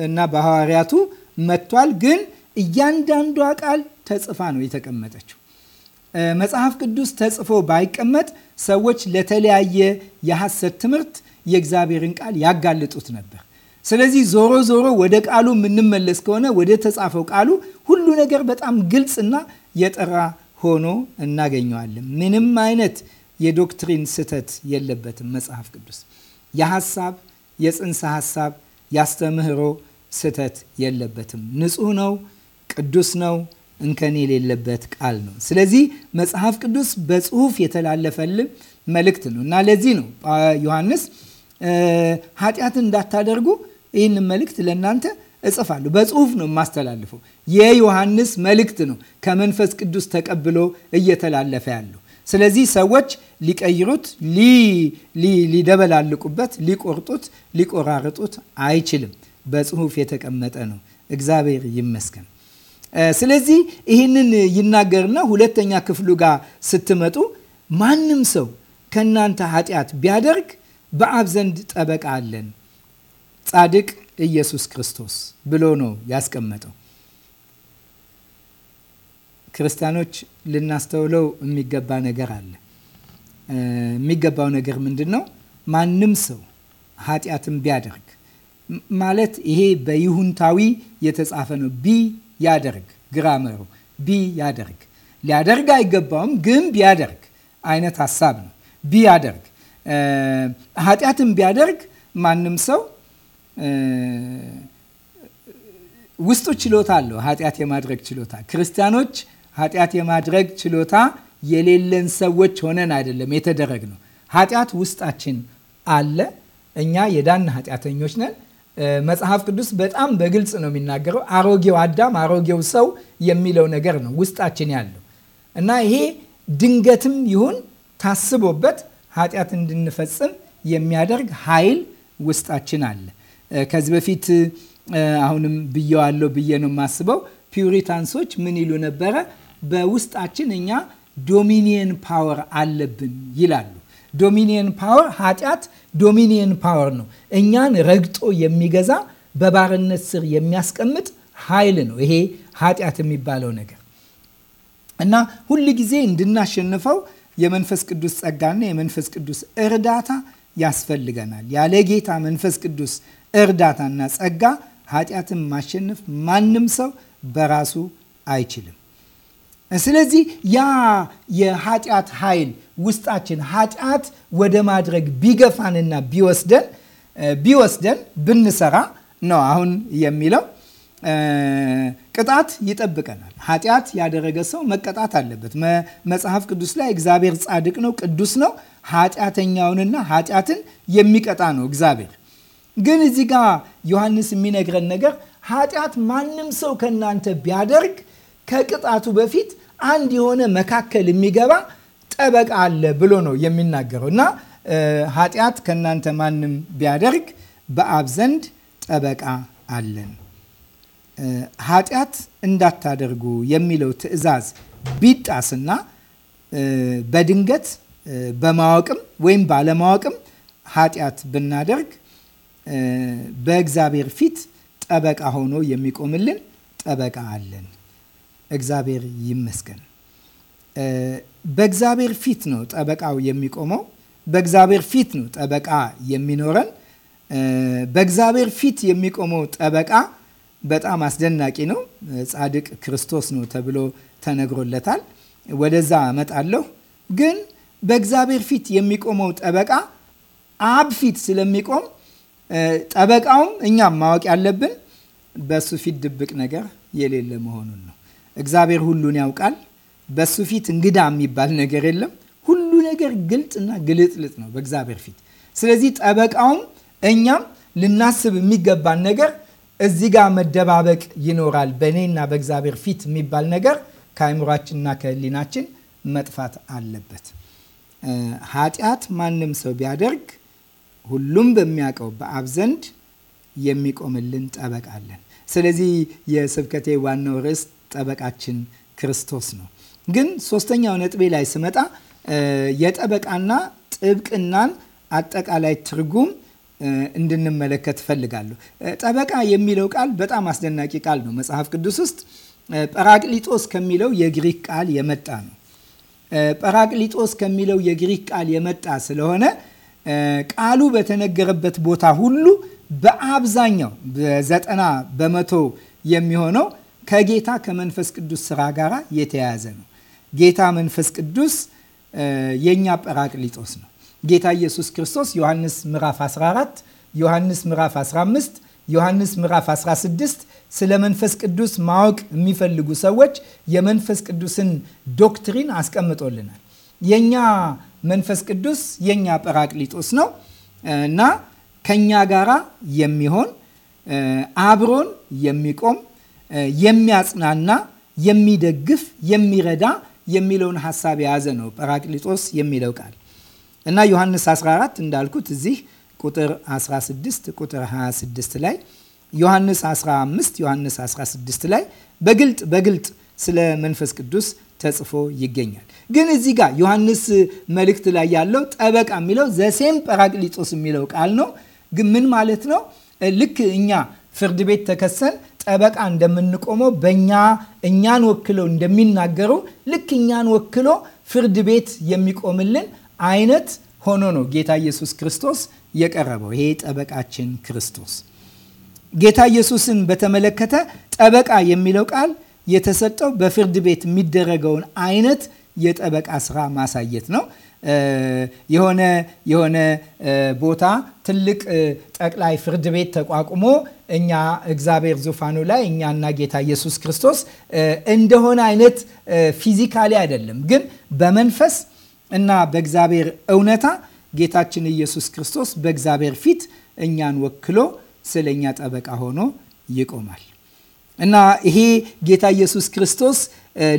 እና በሐዋርያቱ መጥቷል። ግን እያንዳንዷ ቃል ተጽፋ ነው የተቀመጠችው። መጽሐፍ ቅዱስ ተጽፎ ባይቀመጥ ሰዎች ለተለያየ የሐሰት ትምህርት የእግዚአብሔርን ቃል ያጋልጡት ነበር። ስለዚህ ዞሮ ዞሮ ወደ ቃሉ የምንመለስ ከሆነ ወደ ተጻፈው ቃሉ ሁሉ ነገር በጣም ግልጽና የጠራ ሆኖ እናገኘዋለን። ምንም አይነት የዶክትሪን ስህተት የለበትም። መጽሐፍ ቅዱስ የሀሳብ የጽንሰ ሀሳብ ያስተምህሮ ስህተት የለበትም። ንጹህ ነው፣ ቅዱስ ነው፣ እንከን የሌለበት ቃል ነው። ስለዚህ መጽሐፍ ቅዱስ በጽሁፍ የተላለፈልን መልእክት ነው እና ለዚህ ነው ዮሐንስ ኃጢአትን እንዳታደርጉ ይህንን መልእክት ለእናንተ እጽፋለሁ። በጽሁፍ ነው የማስተላልፈው። የዮሐንስ መልእክት ነው ከመንፈስ ቅዱስ ተቀብሎ እየተላለፈ ያለው። ስለዚህ ሰዎች ሊቀይሩት፣ ሊደበላልቁበት፣ ሊቆርጡት፣ ሊቆራርጡት አይችልም። በጽሁፍ የተቀመጠ ነው። እግዚአብሔር ይመስገን። ስለዚህ ይህንን ይናገርና ሁለተኛ ክፍሉ ጋር ስትመጡ ማንም ሰው ከእናንተ ኃጢአት ቢያደርግ በአብ ዘንድ ጠበቃ አለን ጻድቅ ኢየሱስ ክርስቶስ ብሎ ነው ያስቀመጠው። ክርስቲያኖች ልናስተውለው የሚገባ ነገር አለ። የሚገባው ነገር ምንድን ነው? ማንም ሰው ኃጢአትን ቢያደርግ ማለት ይሄ በይሁንታዊ የተጻፈ ነው። ቢ ያደርግ ግራመሩ ቢ ያደርግ ሊያደርግ አይገባውም፣ ግን ቢያደርግ አይነት ሀሳብ ነው። ያደርግ ኃጢአትን ቢያደርግ ማንም ሰው ውስጡ ችሎታ አለው። ኃጢአት የማድረግ ችሎታ ክርስቲያኖች ኃጢአት የማድረግ ችሎታ የሌለን ሰዎች ሆነን አይደለም የተደረግ ነው። ኃጢአት ውስጣችን አለ። እኛ የዳን ኃጢአተኞች ነን። መጽሐፍ ቅዱስ በጣም በግልጽ ነው የሚናገረው። አሮጌው አዳም፣ አሮጌው ሰው የሚለው ነገር ነው ውስጣችን ያለው እና ይሄ ድንገትም ይሁን ታስቦበት ኃጢአት እንድንፈጽም የሚያደርግ ኃይል ውስጣችን አለ። ከዚህ በፊት አሁንም ብየዋለው ብዬ ነው የማስበው። ፒውሪታንሶች ምን ይሉ ነበረ? በውስጣችን እኛ ዶሚኒየን ፓወር አለብን ይላሉ። ዶሚኒየን ፓወር ኃጢአት ዶሚኒየን ፓወር ነው። እኛን ረግጦ የሚገዛ በባርነት ስር የሚያስቀምጥ ኃይል ነው ይሄ ኃጢአት የሚባለው ነገር እና ሁል ጊዜ እንድናሸንፈው የመንፈስ ቅዱስ ጸጋና የመንፈስ ቅዱስ እርዳታ ያስፈልገናል። ያለ ጌታ መንፈስ ቅዱስ እርዳታና ጸጋ ኃጢአትን ማሸነፍ ማንም ሰው በራሱ አይችልም። ስለዚህ ያ የኃጢአት ኃይል ውስጣችን ኃጢአት ወደ ማድረግ ቢገፋንና ቢወስደን ቢወስደን ብንሰራ ነው አሁን የሚለው ቅጣት ይጠብቀናል። ኃጢአት ያደረገ ሰው መቀጣት አለበት። መጽሐፍ ቅዱስ ላይ እግዚአብሔር ጻድቅ ነው፣ ቅዱስ ነው፣ ኃጢአተኛውንና ኃጢአትን የሚቀጣ ነው እግዚአብሔር። ግን እዚህ ጋር ዮሐንስ የሚነግረን ነገር ኃጢአት ማንም ሰው ከእናንተ ቢያደርግ ከቅጣቱ በፊት አንድ የሆነ መካከል የሚገባ ጠበቃ አለ ብሎ ነው የሚናገረው እና ኃጢአት ከእናንተ ማንም ቢያደርግ በአብ ዘንድ ጠበቃ አለን ኃጢአት እንዳታደርጉ የሚለው ትእዛዝ ቢጣስና በድንገት በማወቅም ወይም ባለማወቅም ኃጢአት ብናደርግ በእግዚአብሔር ፊት ጠበቃ ሆኖ የሚቆምልን ጠበቃ አለን። እግዚአብሔር ይመስገን። በእግዚአብሔር ፊት ነው ጠበቃው የሚቆመው። በእግዚአብሔር ፊት ነው ጠበቃ የሚኖረን። በእግዚአብሔር ፊት የሚቆመው ጠበቃ በጣም አስደናቂ ነው። ጻድቅ ክርስቶስ ነው ተብሎ ተነግሮለታል። ወደዛ እመጣለሁ። ግን በእግዚአብሔር ፊት የሚቆመው ጠበቃ አብ ፊት ስለሚቆም ጠበቃውም እኛም ማወቅ ያለብን በሱ ፊት ድብቅ ነገር የሌለ መሆኑን ነው። እግዚአብሔር ሁሉን ያውቃል። በሱ ፊት እንግዳ የሚባል ነገር የለም። ሁሉ ነገር ግልጥና ግልጥልጥ ነው በእግዚአብሔር ፊት። ስለዚህ ጠበቃውም እኛም ልናስብ የሚገባን ነገር እዚህ ጋር መደባበቅ ይኖራል። በእኔና በእግዚአብሔር ፊት የሚባል ነገር ከአይምሯችንና ከህሊናችን መጥፋት አለበት። ኃጢአት ማንም ሰው ቢያደርግ ሁሉም በሚያውቀው በአብ ዘንድ የሚቆምልን ጠበቃ አለን። ስለዚህ የስብከቴ ዋናው ርዕስ ጠበቃችን ክርስቶስ ነው። ግን ሶስተኛው ነጥቤ ላይ ስመጣ የጠበቃና ጥብቅናን አጠቃላይ ትርጉም እንድንመለከት እፈልጋለሁ። ጠበቃ የሚለው ቃል በጣም አስደናቂ ቃል ነው። መጽሐፍ ቅዱስ ውስጥ ጰራቅሊጦስ ከሚለው የግሪክ ቃል የመጣ ነው። ጰራቅሊጦስ ከሚለው የግሪክ ቃል የመጣ ስለሆነ ቃሉ በተነገረበት ቦታ ሁሉ በአብዛኛው በዘጠና በመቶ የሚሆነው ከጌታ ከመንፈስ ቅዱስ ስራ ጋር የተያያዘ ነው። ጌታ መንፈስ ቅዱስ የእኛ ጰራቅሊጦስ ነው። ጌታ ኢየሱስ ክርስቶስ ዮሐንስ ምዕራፍ 14፣ ዮሐንስ ምዕራፍ 15፣ ዮሐንስ ምዕራፍ 16 ስለ መንፈስ ቅዱስ ማወቅ የሚፈልጉ ሰዎች የመንፈስ ቅዱስን ዶክትሪን አስቀምጦልናል። የኛ መንፈስ ቅዱስ የኛ ጰራቅሊጦስ ነው እና ከኛ ጋራ የሚሆን አብሮን የሚቆም የሚያጽናና፣ የሚደግፍ፣ የሚረዳ የሚለውን ሀሳብ የያዘ ነው ጰራቅሊጦስ የሚለው ቃል እና ዮሐንስ 14 እንዳልኩት እዚህ ቁጥር 16 ቁጥር 26 ላይ ዮሐንስ 15 ዮሐንስ 16 ላይ በግልጥ በግልጥ ስለ መንፈስ ቅዱስ ተጽፎ ይገኛል። ግን እዚህ ጋር ዮሐንስ መልእክት ላይ ያለው ጠበቃ የሚለው ዘሴም ጰራቅሊጦስ የሚለው ቃል ነው። ግን ምን ማለት ነው? ልክ እኛ ፍርድ ቤት ተከሰን ጠበቃ እንደምንቆመው በእኛ እኛን ወክለው እንደሚናገሩ ልክ እኛን ወክሎ ፍርድ ቤት የሚቆምልን አይነት ሆኖ ነው ጌታ ኢየሱስ ክርስቶስ የቀረበው። ይሄ ጠበቃችን ክርስቶስ ጌታ ኢየሱስን በተመለከተ ጠበቃ የሚለው ቃል የተሰጠው በፍርድ ቤት የሚደረገውን አይነት የጠበቃ ስራ ማሳየት ነው። የሆነ የሆነ ቦታ ትልቅ ጠቅላይ ፍርድ ቤት ተቋቁሞ እኛ እግዚአብሔር ዙፋኑ ላይ እኛና ጌታ ኢየሱስ ክርስቶስ እንደሆነ አይነት ፊዚካሊ አይደለም፣ ግን በመንፈስ እና በእግዚአብሔር እውነታ ጌታችን ኢየሱስ ክርስቶስ በእግዚአብሔር ፊት እኛን ወክሎ ስለ እኛ ጠበቃ ሆኖ ይቆማል። እና ይሄ ጌታ ኢየሱስ ክርስቶስ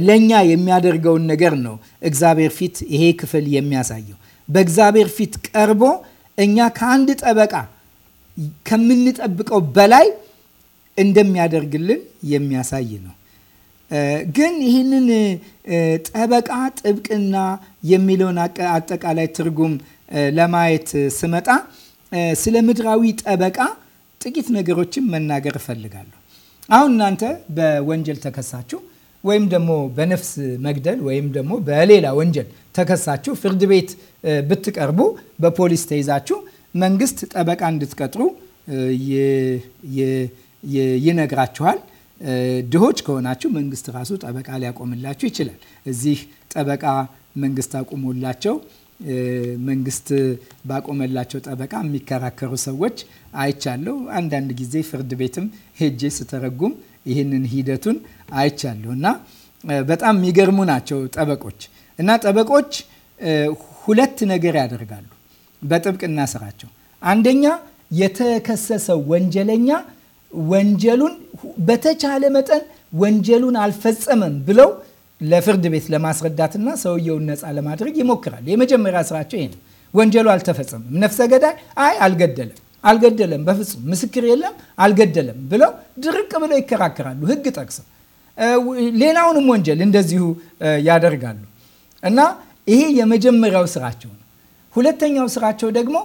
ለእኛ የሚያደርገውን ነገር ነው እግዚአብሔር ፊት ይሄ ክፍል የሚያሳየው። በእግዚአብሔር ፊት ቀርቦ እኛ ከአንድ ጠበቃ ከምንጠብቀው በላይ እንደሚያደርግልን የሚያሳይ ነው። ግን ይህንን ጠበቃ ጥብቅና የሚለውን አጠቃላይ ትርጉም ለማየት ስመጣ ስለ ምድራዊ ጠበቃ ጥቂት ነገሮችን መናገር እፈልጋለሁ። አሁን እናንተ በወንጀል ተከሳችሁ ወይም ደግሞ በነፍስ መግደል ወይም ደግሞ በሌላ ወንጀል ተከሳችሁ ፍርድ ቤት ብትቀርቡ በፖሊስ ተይዛችሁ መንግስት ጠበቃ እንድትቀጥሩ ይነግራችኋል። ድሆች ከሆናችሁ መንግስት ራሱ ጠበቃ ሊያቆምላችሁ ይችላል። እዚህ ጠበቃ መንግስት አቁሞላቸው መንግስት ባቆመላቸው ጠበቃ የሚከራከሩ ሰዎች አይቻለሁ። አንዳንድ ጊዜ ፍርድ ቤትም ሄጄ ስተረጉም ይህንን ሂደቱን አይቻለሁ እና በጣም የሚገርሙ ናቸው ጠበቆች እና ጠበቆች ሁለት ነገር ያደርጋሉ በጥብቅና ስራቸው አንደኛ የተከሰሰው ወንጀለኛ ወንጀሉን በተቻለ መጠን ወንጀሉን አልፈጸመም ብለው ለፍርድ ቤት ለማስረዳትና ሰውየውን ነፃ ለማድረግ ይሞክራል። የመጀመሪያ ስራቸው ይሄ ነው። ወንጀሉ አልተፈጸመም። ነፍሰ ገዳይ አይ አልገደለም አልገደለም፣ በፍጹም ምስክር የለም አልገደለም ብለው ድርቅ ብለው ይከራከራሉ። ህግ ጠቅሰው ሌላውንም ወንጀል እንደዚሁ ያደርጋሉ እና ይሄ የመጀመሪያው ስራቸው ነው። ሁለተኛው ስራቸው ደግሞ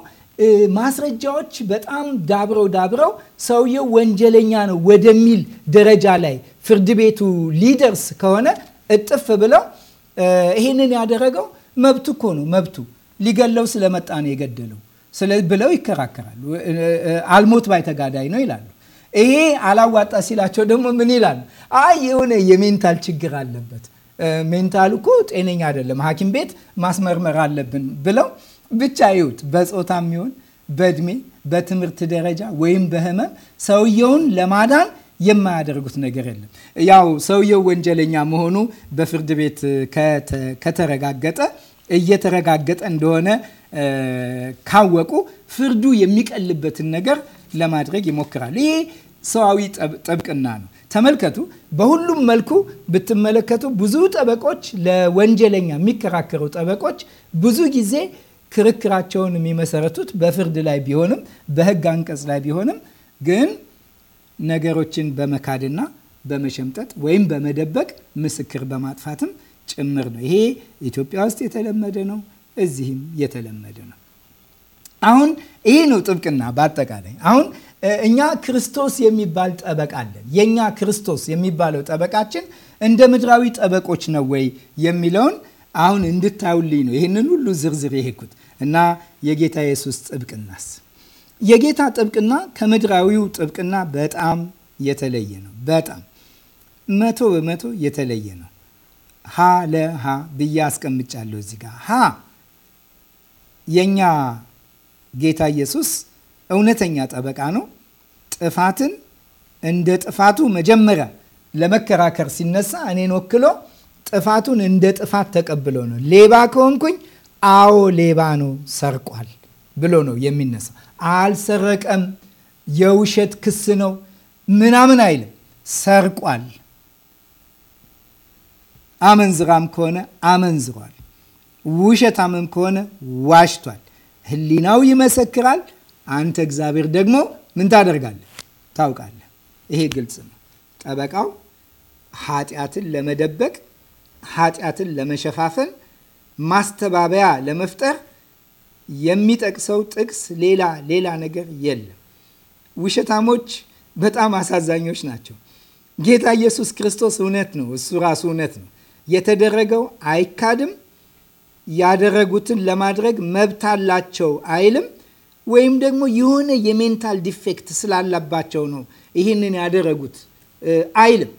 ማስረጃዎች በጣም ዳብረው ዳብረው ሰውየው ወንጀለኛ ነው ወደሚል ደረጃ ላይ ፍርድ ቤቱ ሊደርስ ከሆነ እጥፍ ብለው ይህንን ያደረገው መብቱ እኮ ነው መብቱ ሊገለው ስለመጣ ነው የገደለው ብለው ይከራከራሉ። አልሞት ባይ ተጋዳይ ነው ይላሉ። ይሄ አላዋጣ ሲላቸው ደግሞ ምን ይላሉ? አይ የሆነ የሜንታል ችግር አለበት፣ ሜንታል እኮ ጤነኛ አይደለም፣ ሐኪም ቤት ማስመርመር አለብን ብለው ብቻ ይዩት። በጾታ የሚሆን በእድሜ በትምህርት ደረጃ ወይም በህመም ሰውየውን ለማዳን የማያደርጉት ነገር የለም። ያው ሰውየው ወንጀለኛ መሆኑ በፍርድ ቤት ከተረጋገጠ እየተረጋገጠ እንደሆነ ካወቁ ፍርዱ የሚቀልበትን ነገር ለማድረግ ይሞክራሉ። ይሄ ሰዋዊ ጥብቅና ነው። ተመልከቱ። በሁሉም መልኩ ብትመለከቱ ብዙ ጠበቆች፣ ለወንጀለኛ የሚከራከሩ ጠበቆች ብዙ ጊዜ ክርክራቸውን የሚመሰረቱት በፍርድ ላይ ቢሆንም በህግ አንቀጽ ላይ ቢሆንም ግን ነገሮችን በመካድና በመሸምጠጥ ወይም በመደበቅ ምስክር በማጥፋትም ጭምር ነው። ይሄ ኢትዮጵያ ውስጥ የተለመደ ነው። እዚህም የተለመደ ነው። አሁን ይሄ ነው ጥብቅና በአጠቃላይ። አሁን እኛ ክርስቶስ የሚባል ጠበቃ አለን። የእኛ ክርስቶስ የሚባለው ጠበቃችን እንደ ምድራዊ ጠበቆች ነው ወይ የሚለውን አሁን እንድታዩልኝ ነው ይህንን ሁሉ ዝርዝር የሄድኩት። እና የጌታ ኢየሱስ ጥብቅናስ የጌታ ጥብቅና ከምድራዊው ጥብቅና በጣም የተለየ ነው። በጣም መቶ በመቶ የተለየ ነው። ሀ ለሀ ብዬ አስቀምጫለሁ እዚህ ጋር ሀ የእኛ ጌታ ኢየሱስ እውነተኛ ጠበቃ ነው። ጥፋትን እንደ ጥፋቱ መጀመሪያ ለመከራከር ሲነሳ እኔን ወክሎ ጥፋቱን እንደ ጥፋት ተቀብሎ ነው ሌባ ከሆንኩኝ አዎ ሌባ ነው ሰርቋል ብሎ ነው የሚነሳ። አልሰረቀም፣ የውሸት ክስ ነው ምናምን አይልም። ሰርቋል፣ አመንዝራም ከሆነ አመንዝሯል፣ ውሸታምም ከሆነ ዋሽቷል። ህሊናው ይመሰክራል። አንተ እግዚአብሔር ደግሞ ምን ታደርጋለህ? ታውቃለህ። ይሄ ግልጽ ነው። ጠበቃው ኃጢአትን ለመደበቅ ኃጢአትን ለመሸፋፈን ማስተባበያ ለመፍጠር የሚጠቅሰው ጥቅስ ሌላ ሌላ ነገር የለም። ውሸታሞች በጣም አሳዛኞች ናቸው። ጌታ ኢየሱስ ክርስቶስ እውነት ነው። እሱ ራሱ እውነት ነው። የተደረገው አይካድም። ያደረጉትን ለማድረግ መብት አላቸው አይልም። ወይም ደግሞ የሆነ የሜንታል ዲፌክት ስላላባቸው ነው ይህንን ያደረጉት አይልም።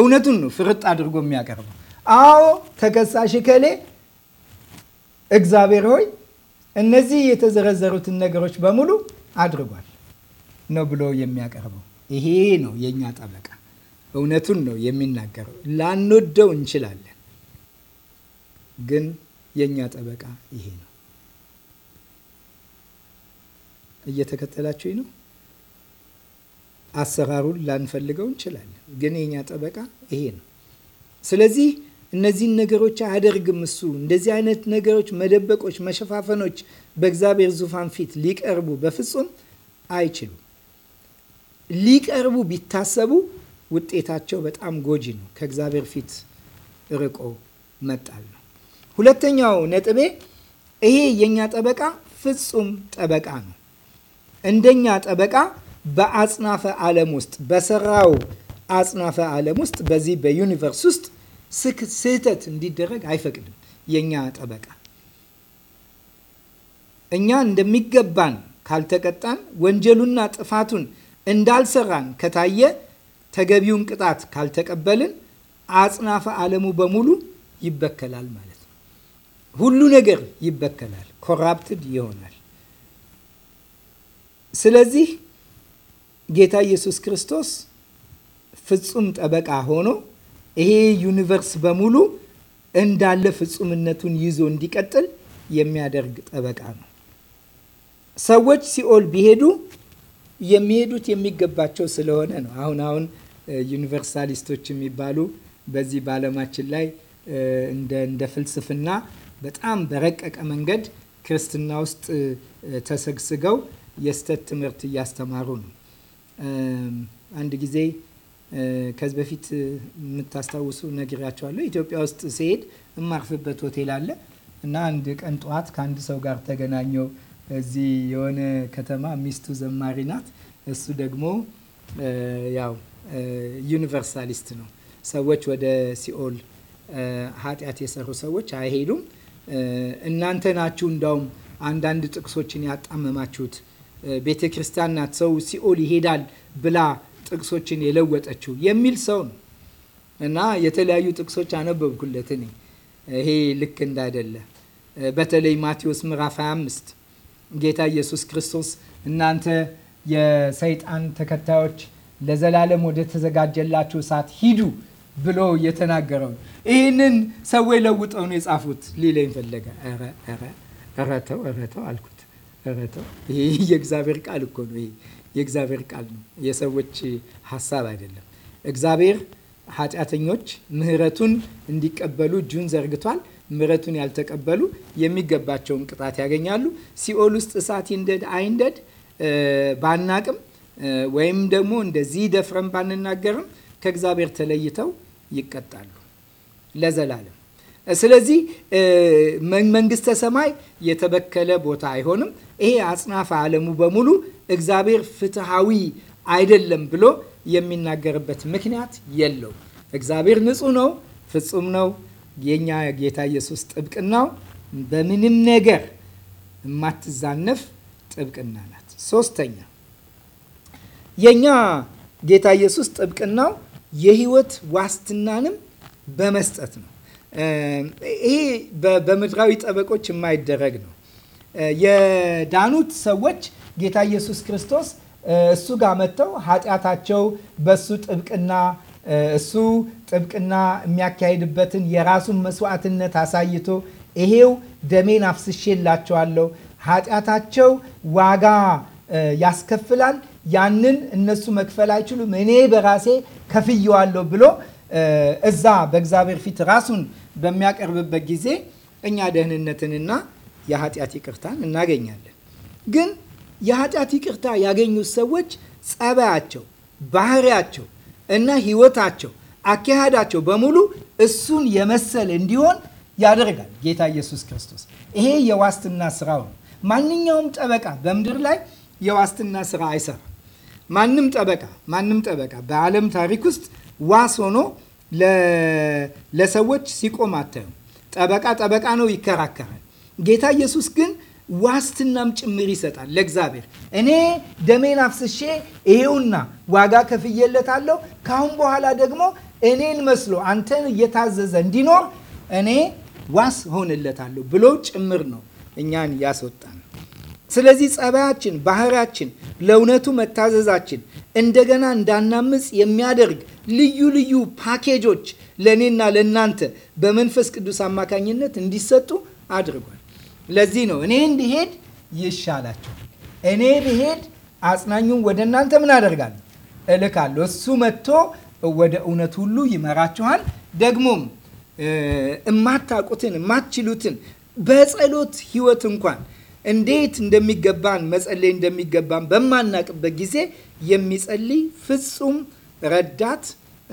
እውነቱን ነው ፍርጥ አድርጎ የሚያቀርበው። አዎ ተከሳሽ ከሌ እግዚአብሔር ሆይ እነዚህ የተዘረዘሩትን ነገሮች በሙሉ አድርጓል ነው ብሎ የሚያቀርበው። ይሄ ነው የእኛ ጠበቃ። እውነቱን ነው የሚናገረው። ላንወደው እንችላለን፣ ግን የእኛ ጠበቃ ይሄ ነው። እየተከተላችሁ ነው። አሰራሩን ላንፈልገው እንችላለን፣ ግን የእኛ ጠበቃ ይሄ ነው። ስለዚህ እነዚህን ነገሮች አያደርግም። እሱ እንደዚህ አይነት ነገሮች፣ መደበቆች፣ መሸፋፈኖች በእግዚአብሔር ዙፋን ፊት ሊቀርቡ በፍጹም አይችሉም። ሊቀርቡ ቢታሰቡ ውጤታቸው በጣም ጎጂ ነው። ከእግዚአብሔር ፊት ርቆ መጣል ነው። ሁለተኛው ነጥቤ ይሄ የእኛ ጠበቃ ፍጹም ጠበቃ ነው። እንደኛ ጠበቃ በአጽናፈ ዓለም ውስጥ በሰራው አጽናፈ ዓለም ውስጥ በዚህ በዩኒቨርስ ውስጥ ስህተት እንዲደረግ አይፈቅድም። የእኛ ጠበቃ እኛ እንደሚገባን ካልተቀጣን፣ ወንጀሉና ጥፋቱን እንዳልሰራን ከታየ፣ ተገቢውን ቅጣት ካልተቀበልን አጽናፈ ዓለሙ በሙሉ ይበከላል ማለት ነው። ሁሉ ነገር ይበከላል፣ ኮራፕትድ ይሆናል። ስለዚህ ጌታ ኢየሱስ ክርስቶስ ፍጹም ጠበቃ ሆኖ ይሄ ዩኒቨርስ በሙሉ እንዳለ ፍጹምነቱን ይዞ እንዲቀጥል የሚያደርግ ጠበቃ ነው። ሰዎች ሲኦል ቢሄዱ የሚሄዱት የሚገባቸው ስለሆነ ነው። አሁን አሁን ዩኒቨርሳሊስቶች የሚባሉ በዚህ በዓለማችን ላይ እንደ ፍልስፍና በጣም በረቀቀ መንገድ ክርስትና ውስጥ ተሰግስገው የስተት ትምህርት እያስተማሩ ነው። አንድ ጊዜ ከዚህ በፊት የምታስታውሱ ነግሬያቸዋለሁ። ኢትዮጵያ ውስጥ ስሄድ የማርፍበት ሆቴል አለ እና አንድ ቀን ጠዋት ከአንድ ሰው ጋር ተገናኘው እዚህ የሆነ ከተማ ሚስቱ ዘማሪ ናት። እሱ ደግሞ ያው ዩኒቨርሳሊስት ነው። ሰዎች ወደ ሲኦል ኃጢአት የሰሩ ሰዎች አይሄዱም። እናንተ ናችሁ እንዳውም አንዳንድ ጥቅሶችን ያጣመማችሁት። ቤተ ክርስቲያን ናት ሰው ሲኦል ይሄዳል ብላ ጥቅሶችን የለወጠችው የሚል ሰው ነው እና የተለያዩ ጥቅሶች አነበብኩለት እኔ ይሄ ልክ እንዳይደለ በተለይ ማቴዎስ ምዕራፍ 25 ጌታ ኢየሱስ ክርስቶስ እናንተ የሰይጣን ተከታዮች ለዘላለም ወደ ተዘጋጀላችሁ እሳት ሂዱ ብሎ የተናገረው ይህንን ሰዎች ለውጠው ነው የጻፉት ሊለኝ ፈለገ። ረተው ረተው አልኩት። ረተው ይሄ የእግዚአብሔር ቃል እኮ ነው። ይሄ የእግዚአብሔር ቃል ነው፣ የሰዎች ሀሳብ አይደለም። እግዚአብሔር ኃጢአተኞች ምሕረቱን እንዲቀበሉ እጁን ዘርግቷል። ምሕረቱን ያልተቀበሉ የሚገባቸውን ቅጣት ያገኛሉ። ሲኦል ውስጥ እሳት ይንደድ አይንደድ ባናቅም ወይም ደግሞ እንደዚህ ደፍረን ባንናገርም ከእግዚአብሔር ተለይተው ይቀጣሉ ለዘላለም። ስለዚህ መንግስተ ሰማይ የተበከለ ቦታ አይሆንም። ይሄ አጽናፈ ዓለሙ በሙሉ እግዚአብሔር ፍትሐዊ አይደለም ብሎ የሚናገርበት ምክንያት የለውም። እግዚአብሔር ንጹህ ነው፣ ፍጹም ነው። የኛ ጌታ ኢየሱስ ጥብቅናው በምንም ነገር የማትዛነፍ ጥብቅና ናት። ሶስተኛ የኛ ጌታ ኢየሱስ ጥብቅናው የህይወት ዋስትናንም በመስጠት ነው። ይሄ በምድራዊ ጠበቆች የማይደረግ ነው። የዳኑት ሰዎች ጌታ ኢየሱስ ክርስቶስ እሱ ጋር መጥተው ኃጢአታቸው በእሱ ጥብቅና እሱ ጥብቅና የሚያካሄድበትን የራሱን መስዋዕትነት አሳይቶ ይሄው ደሜን አፍስሼላቸዋለሁ፣ ኃጢአታቸው ዋጋ ያስከፍላል፣ ያንን እነሱ መክፈል አይችሉም፣ እኔ በራሴ ከፍየዋለሁ ብሎ እዛ በእግዚአብሔር ፊት ራሱን በሚያቀርብበት ጊዜ እኛ ደህንነትንና የኃጢአት ይቅርታን እናገኛለን ግን የኃጢአት ይቅርታ ያገኙት ሰዎች ጸባያቸው፣ ባህሪያቸው እና ህይወታቸው፣ አካሄዳቸው በሙሉ እሱን የመሰል እንዲሆን ያደርጋል ጌታ ኢየሱስ ክርስቶስ። ይሄ የዋስትና ስራው ነው። ማንኛውም ጠበቃ በምድር ላይ የዋስትና ስራ አይሰራም። ማንም ጠበቃ ማንም ጠበቃ በዓለም ታሪክ ውስጥ ዋስ ሆኖ ለሰዎች ሲቆም አታዩም። ጠበቃ ጠበቃ ነው፣ ይከራከራል። ጌታ ኢየሱስ ግን ዋስትናም ጭምር ይሰጣል ለእግዚአብሔር። እኔ ደሜን አፍስሼ ይሄውና ዋጋ ከፍዬለታለሁ። ካሁን በኋላ ደግሞ እኔን መስሎ አንተን እየታዘዘ እንዲኖር እኔ ዋስ ሆንለታለሁ ብሎ ጭምር ነው እኛን ያስወጣን። ስለዚህ ጸባያችን፣ ባህሪያችን፣ ለእውነቱ መታዘዛችን እንደገና እንዳናምፅ የሚያደርግ ልዩ ልዩ ፓኬጆች ለእኔና ለእናንተ በመንፈስ ቅዱስ አማካኝነት እንዲሰጡ አድርጓል። ለዚህ ነው እኔ እንዲሄድ ይሻላቸው፣ እኔ ብሄድ አጽናኙን ወደ እናንተ ምን አደርጋለሁ እልካለሁ። እሱ መጥቶ ወደ እውነት ሁሉ ይመራችኋል። ደግሞም እማታውቁትን እማትችሉትን በጸሎት ህይወት እንኳን እንዴት እንደሚገባን መጸለይ እንደሚገባን በማናቅበት ጊዜ የሚጸልይ ፍጹም ረዳት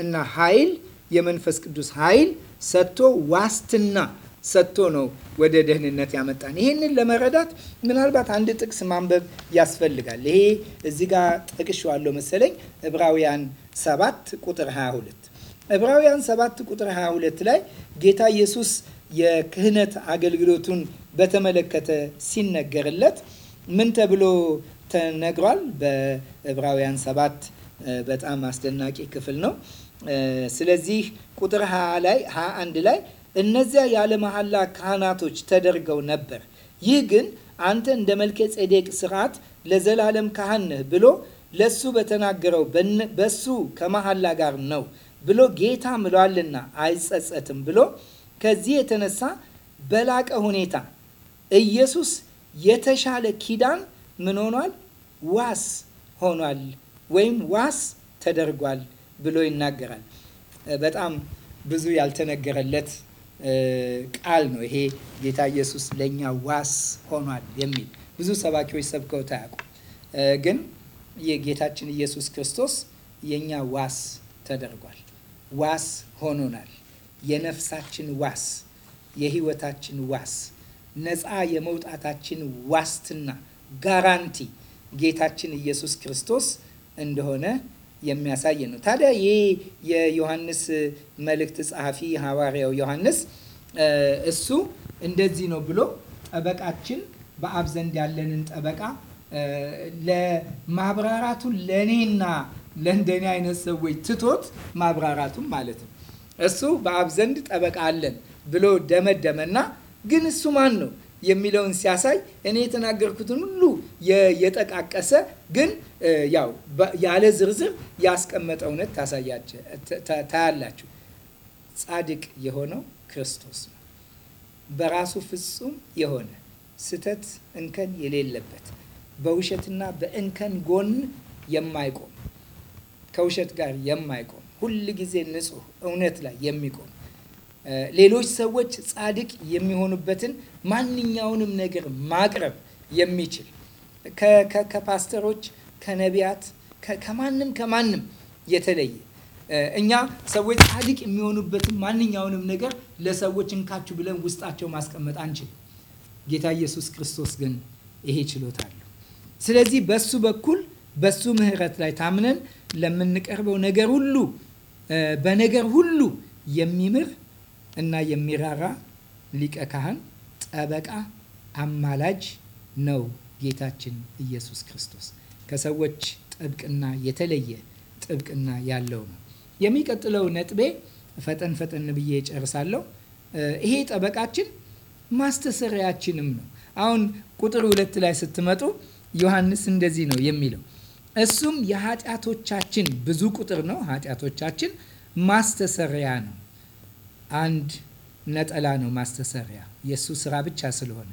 እና ኃይል የመንፈስ ቅዱስ ኃይል ሰጥቶ ዋስትና ሰጥቶ ነው ወደ ደህንነት ያመጣን። ይህንን ለመረዳት ምናልባት አንድ ጥቅስ ማንበብ ያስፈልጋል። ይሄ እዚህ ጋር ጠቅሼዋለሁ መሰለኝ ዕብራውያን 7 ቁጥር 22 ዕብራውያን 7 ቁጥር 22 ላይ ጌታ ኢየሱስ የክህነት አገልግሎቱን በተመለከተ ሲነገርለት ምን ተብሎ ተነግሯል? በዕብራውያን 7 በጣም አስደናቂ ክፍል ነው። ስለዚህ ቁጥር ላይ 21 ላይ እነዚያ ያለ መሐላ ካህናቶች ተደርገው ነበር። ይህ ግን አንተ እንደ መልከ ጼዴቅ ስርዓት ለዘላለም ካህን ነህ ብሎ ለሱ በተናገረው በሱ ከመሐላ ጋር ነው ብሎ ጌታ ምሏልና አይጸጸትም ብሎ ከዚህ የተነሳ በላቀ ሁኔታ ኢየሱስ የተሻለ ኪዳን ምን ሆኗል? ዋስ ሆኗል ወይም ዋስ ተደርጓል ብሎ ይናገራል። በጣም ብዙ ያልተነገረለት ቃል ነው ይሄ ጌታ ኢየሱስ ለእኛ ዋስ ሆኗል የሚል ብዙ ሰባኪዎች ሰብከው ታያቁ። ግን የጌታችን ኢየሱስ ክርስቶስ የእኛ ዋስ ተደርጓል። ዋስ ሆኖናል። የነፍሳችን ዋስ፣ የህይወታችን ዋስ፣ ነፃ የመውጣታችን ዋስትና ጋራንቲ ጌታችን ኢየሱስ ክርስቶስ እንደሆነ የሚያሳይ ነው። ታዲያ ይህ የዮሐንስ መልእክት ጸሐፊ ሐዋርያው ዮሐንስ እሱ እንደዚህ ነው ብሎ ጠበቃችን በአብ ዘንድ ያለንን ጠበቃ ለማብራራቱ ለእኔና ለእንደኔ አይነት ሰዎች ትቶት ማብራራቱን ማለት ነው እሱ በአብ ዘንድ ጠበቃ አለን ብሎ ደመደመና ግን እሱ ማን ነው የሚለውን ሲያሳይ እኔ የተናገርኩትን ሁሉ የጠቃቀሰ ግን ያው ያለ ዝርዝር ያስቀመጠ እውነት ታያላችሁ። ጻድቅ የሆነው ክርስቶስ ነው። በራሱ ፍጹም የሆነ ስተት እንከን የሌለበት በውሸትና በእንከን ጎን የማይቆም ከውሸት ጋር የማይቆም ሁል ጊዜ ንጹህ እውነት ላይ የሚቆም ሌሎች ሰዎች ጻድቅ የሚሆኑበትን ማንኛውንም ነገር ማቅረብ የሚችል ከፓስተሮች፣ ከነቢያት፣ ከማንም ከማንም የተለየ እኛ ሰዎች ጻድቅ የሚሆኑበትን ማንኛውንም ነገር ለሰዎች እንካችሁ ብለን ውስጣቸው ማስቀመጥ አንችል። ጌታ ኢየሱስ ክርስቶስ ግን ይሄ ችሎታ አለው። ስለዚህ በሱ በኩል በሱ ምሕረት ላይ ታምነን ለምንቀርበው ነገር ሁሉ በነገር ሁሉ የሚምር እና የሚራራ ሊቀ ካህን፣ ጠበቃ፣ አማላጅ ነው ጌታችን ኢየሱስ ክርስቶስ። ከሰዎች ጥብቅና የተለየ ጥብቅና ያለው ነው። የሚቀጥለው ነጥቤ ፈጠን ፈጠን ብዬ ጨርሳለሁ። ይሄ ጠበቃችን ማስተሰሪያችንም ነው። አሁን ቁጥር ሁለት ላይ ስትመጡ ዮሐንስ እንደዚህ ነው የሚለው እሱም የኃጢአቶቻችን ብዙ ቁጥር ነው ኃጢአቶቻችን ማስተሰሪያ ነው አንድ ነጠላ ነው ማስተሰሪያ የእሱ ስራ ብቻ ስለሆነ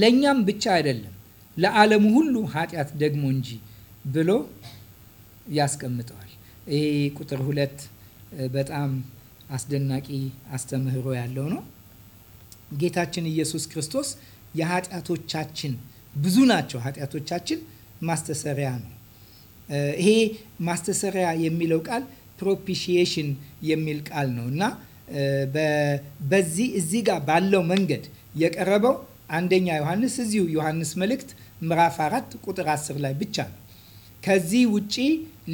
ለእኛም ብቻ አይደለም ለዓለሙ ሁሉ ኃጢአት ደግሞ እንጂ ብሎ ያስቀምጠዋል። ይሄ ቁጥር ሁለት በጣም አስደናቂ አስተምህሮ ያለው ነው። ጌታችን ኢየሱስ ክርስቶስ የኃጢአቶቻችን ብዙ ናቸው ኃጢአቶቻችን ማስተሰሪያ ነው። ይሄ ማስተሰሪያ የሚለው ቃል ፕሮፒሺዬሽን የሚል ቃል ነው እና በዚህ እዚህ ጋር ባለው መንገድ የቀረበው አንደኛ ዮሐንስ እዚሁ ዮሐንስ መልእክት ምዕራፍ አራት ቁጥር አስር ላይ ብቻ ነው። ከዚህ ውጪ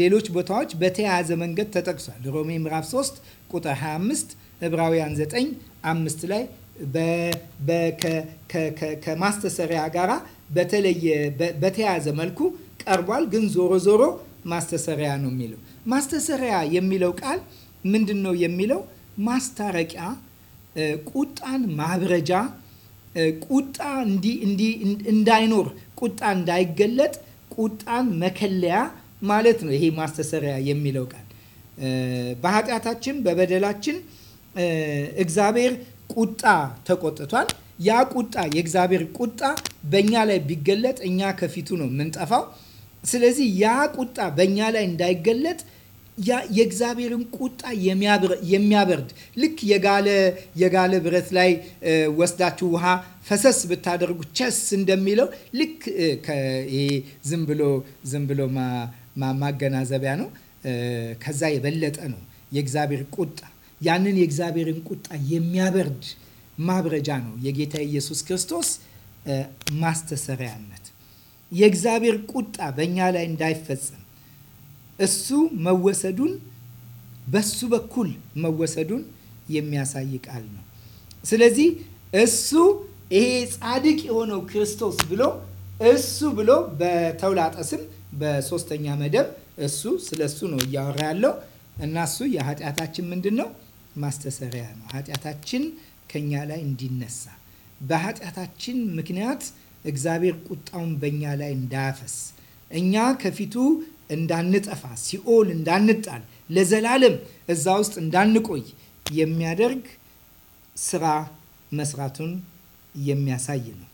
ሌሎች ቦታዎች በተያያዘ መንገድ ተጠቅሷል። ሮሜ ምዕራፍ 3 ቁጥር 25፣ ዕብራውያን 9 አምስት ላይ ከማስተሰሪያ ጋራ በተለየ በተያያዘ መልኩ ቀርቧል። ግን ዞሮ ዞሮ ማስተሰሪያ ነው የሚለው ማስተሰሪያ የሚለው ቃል ምንድን ነው የሚለው ማስታረቂያ፣ ቁጣን ማብረጃ፣ ቁጣ እንዳይኖር ቁጣ እንዳይገለጥ ቁጣን መከለያ ማለት ነው። ይሄ ማስተሰሪያ የሚለው ቃል በኃጢአታችን በበደላችን እግዚአብሔር ቁጣ ተቆጥቷል። ያ ቁጣ የእግዚአብሔር ቁጣ በእኛ ላይ ቢገለጥ እኛ ከፊቱ ነው የምንጠፋው። ስለዚህ ያ ቁጣ በእኛ ላይ እንዳይገለጥ የእግዚአብሔርን ቁጣ የሚያበርድ ልክ የጋለ የጋለ ብረት ላይ ወስዳችሁ ውሃ ፈሰስ ብታደርጉ ቸስ እንደሚለው ልክ ዝም ብሎ ዝም ብሎ ማገናዘቢያ ነው። ከዛ የበለጠ ነው የእግዚአብሔር ቁጣ። ያንን የእግዚአብሔርን ቁጣ የሚያበርድ ማብረጃ ነው የጌታ ኢየሱስ ክርስቶስ ማስተሰሪያነት የእግዚአብሔር ቁጣ በእኛ ላይ እንዳይፈጸም እሱ መወሰዱን በሱ በኩል መወሰዱን የሚያሳይ ቃል ነው። ስለዚህ እሱ ይሄ ጻድቅ የሆነው ክርስቶስ ብሎ እሱ ብሎ በተውላጠ ስም በሶስተኛ መደብ እሱ ስለ እሱ ነው እያወራ ያለው እና እሱ የኃጢአታችን ምንድን ነው ማስተሰሪያ ነው። ኃጢአታችን ከኛ ላይ እንዲነሳ በኃጢአታችን ምክንያት እግዚአብሔር ቁጣውን በእኛ ላይ እንዳያፈስ እኛ ከፊቱ እንዳንጠፋ፣ ሲኦል እንዳንጣል፣ ለዘላለም እዛ ውስጥ እንዳንቆይ የሚያደርግ ስራ መስራቱን የሚያሳይ ነው።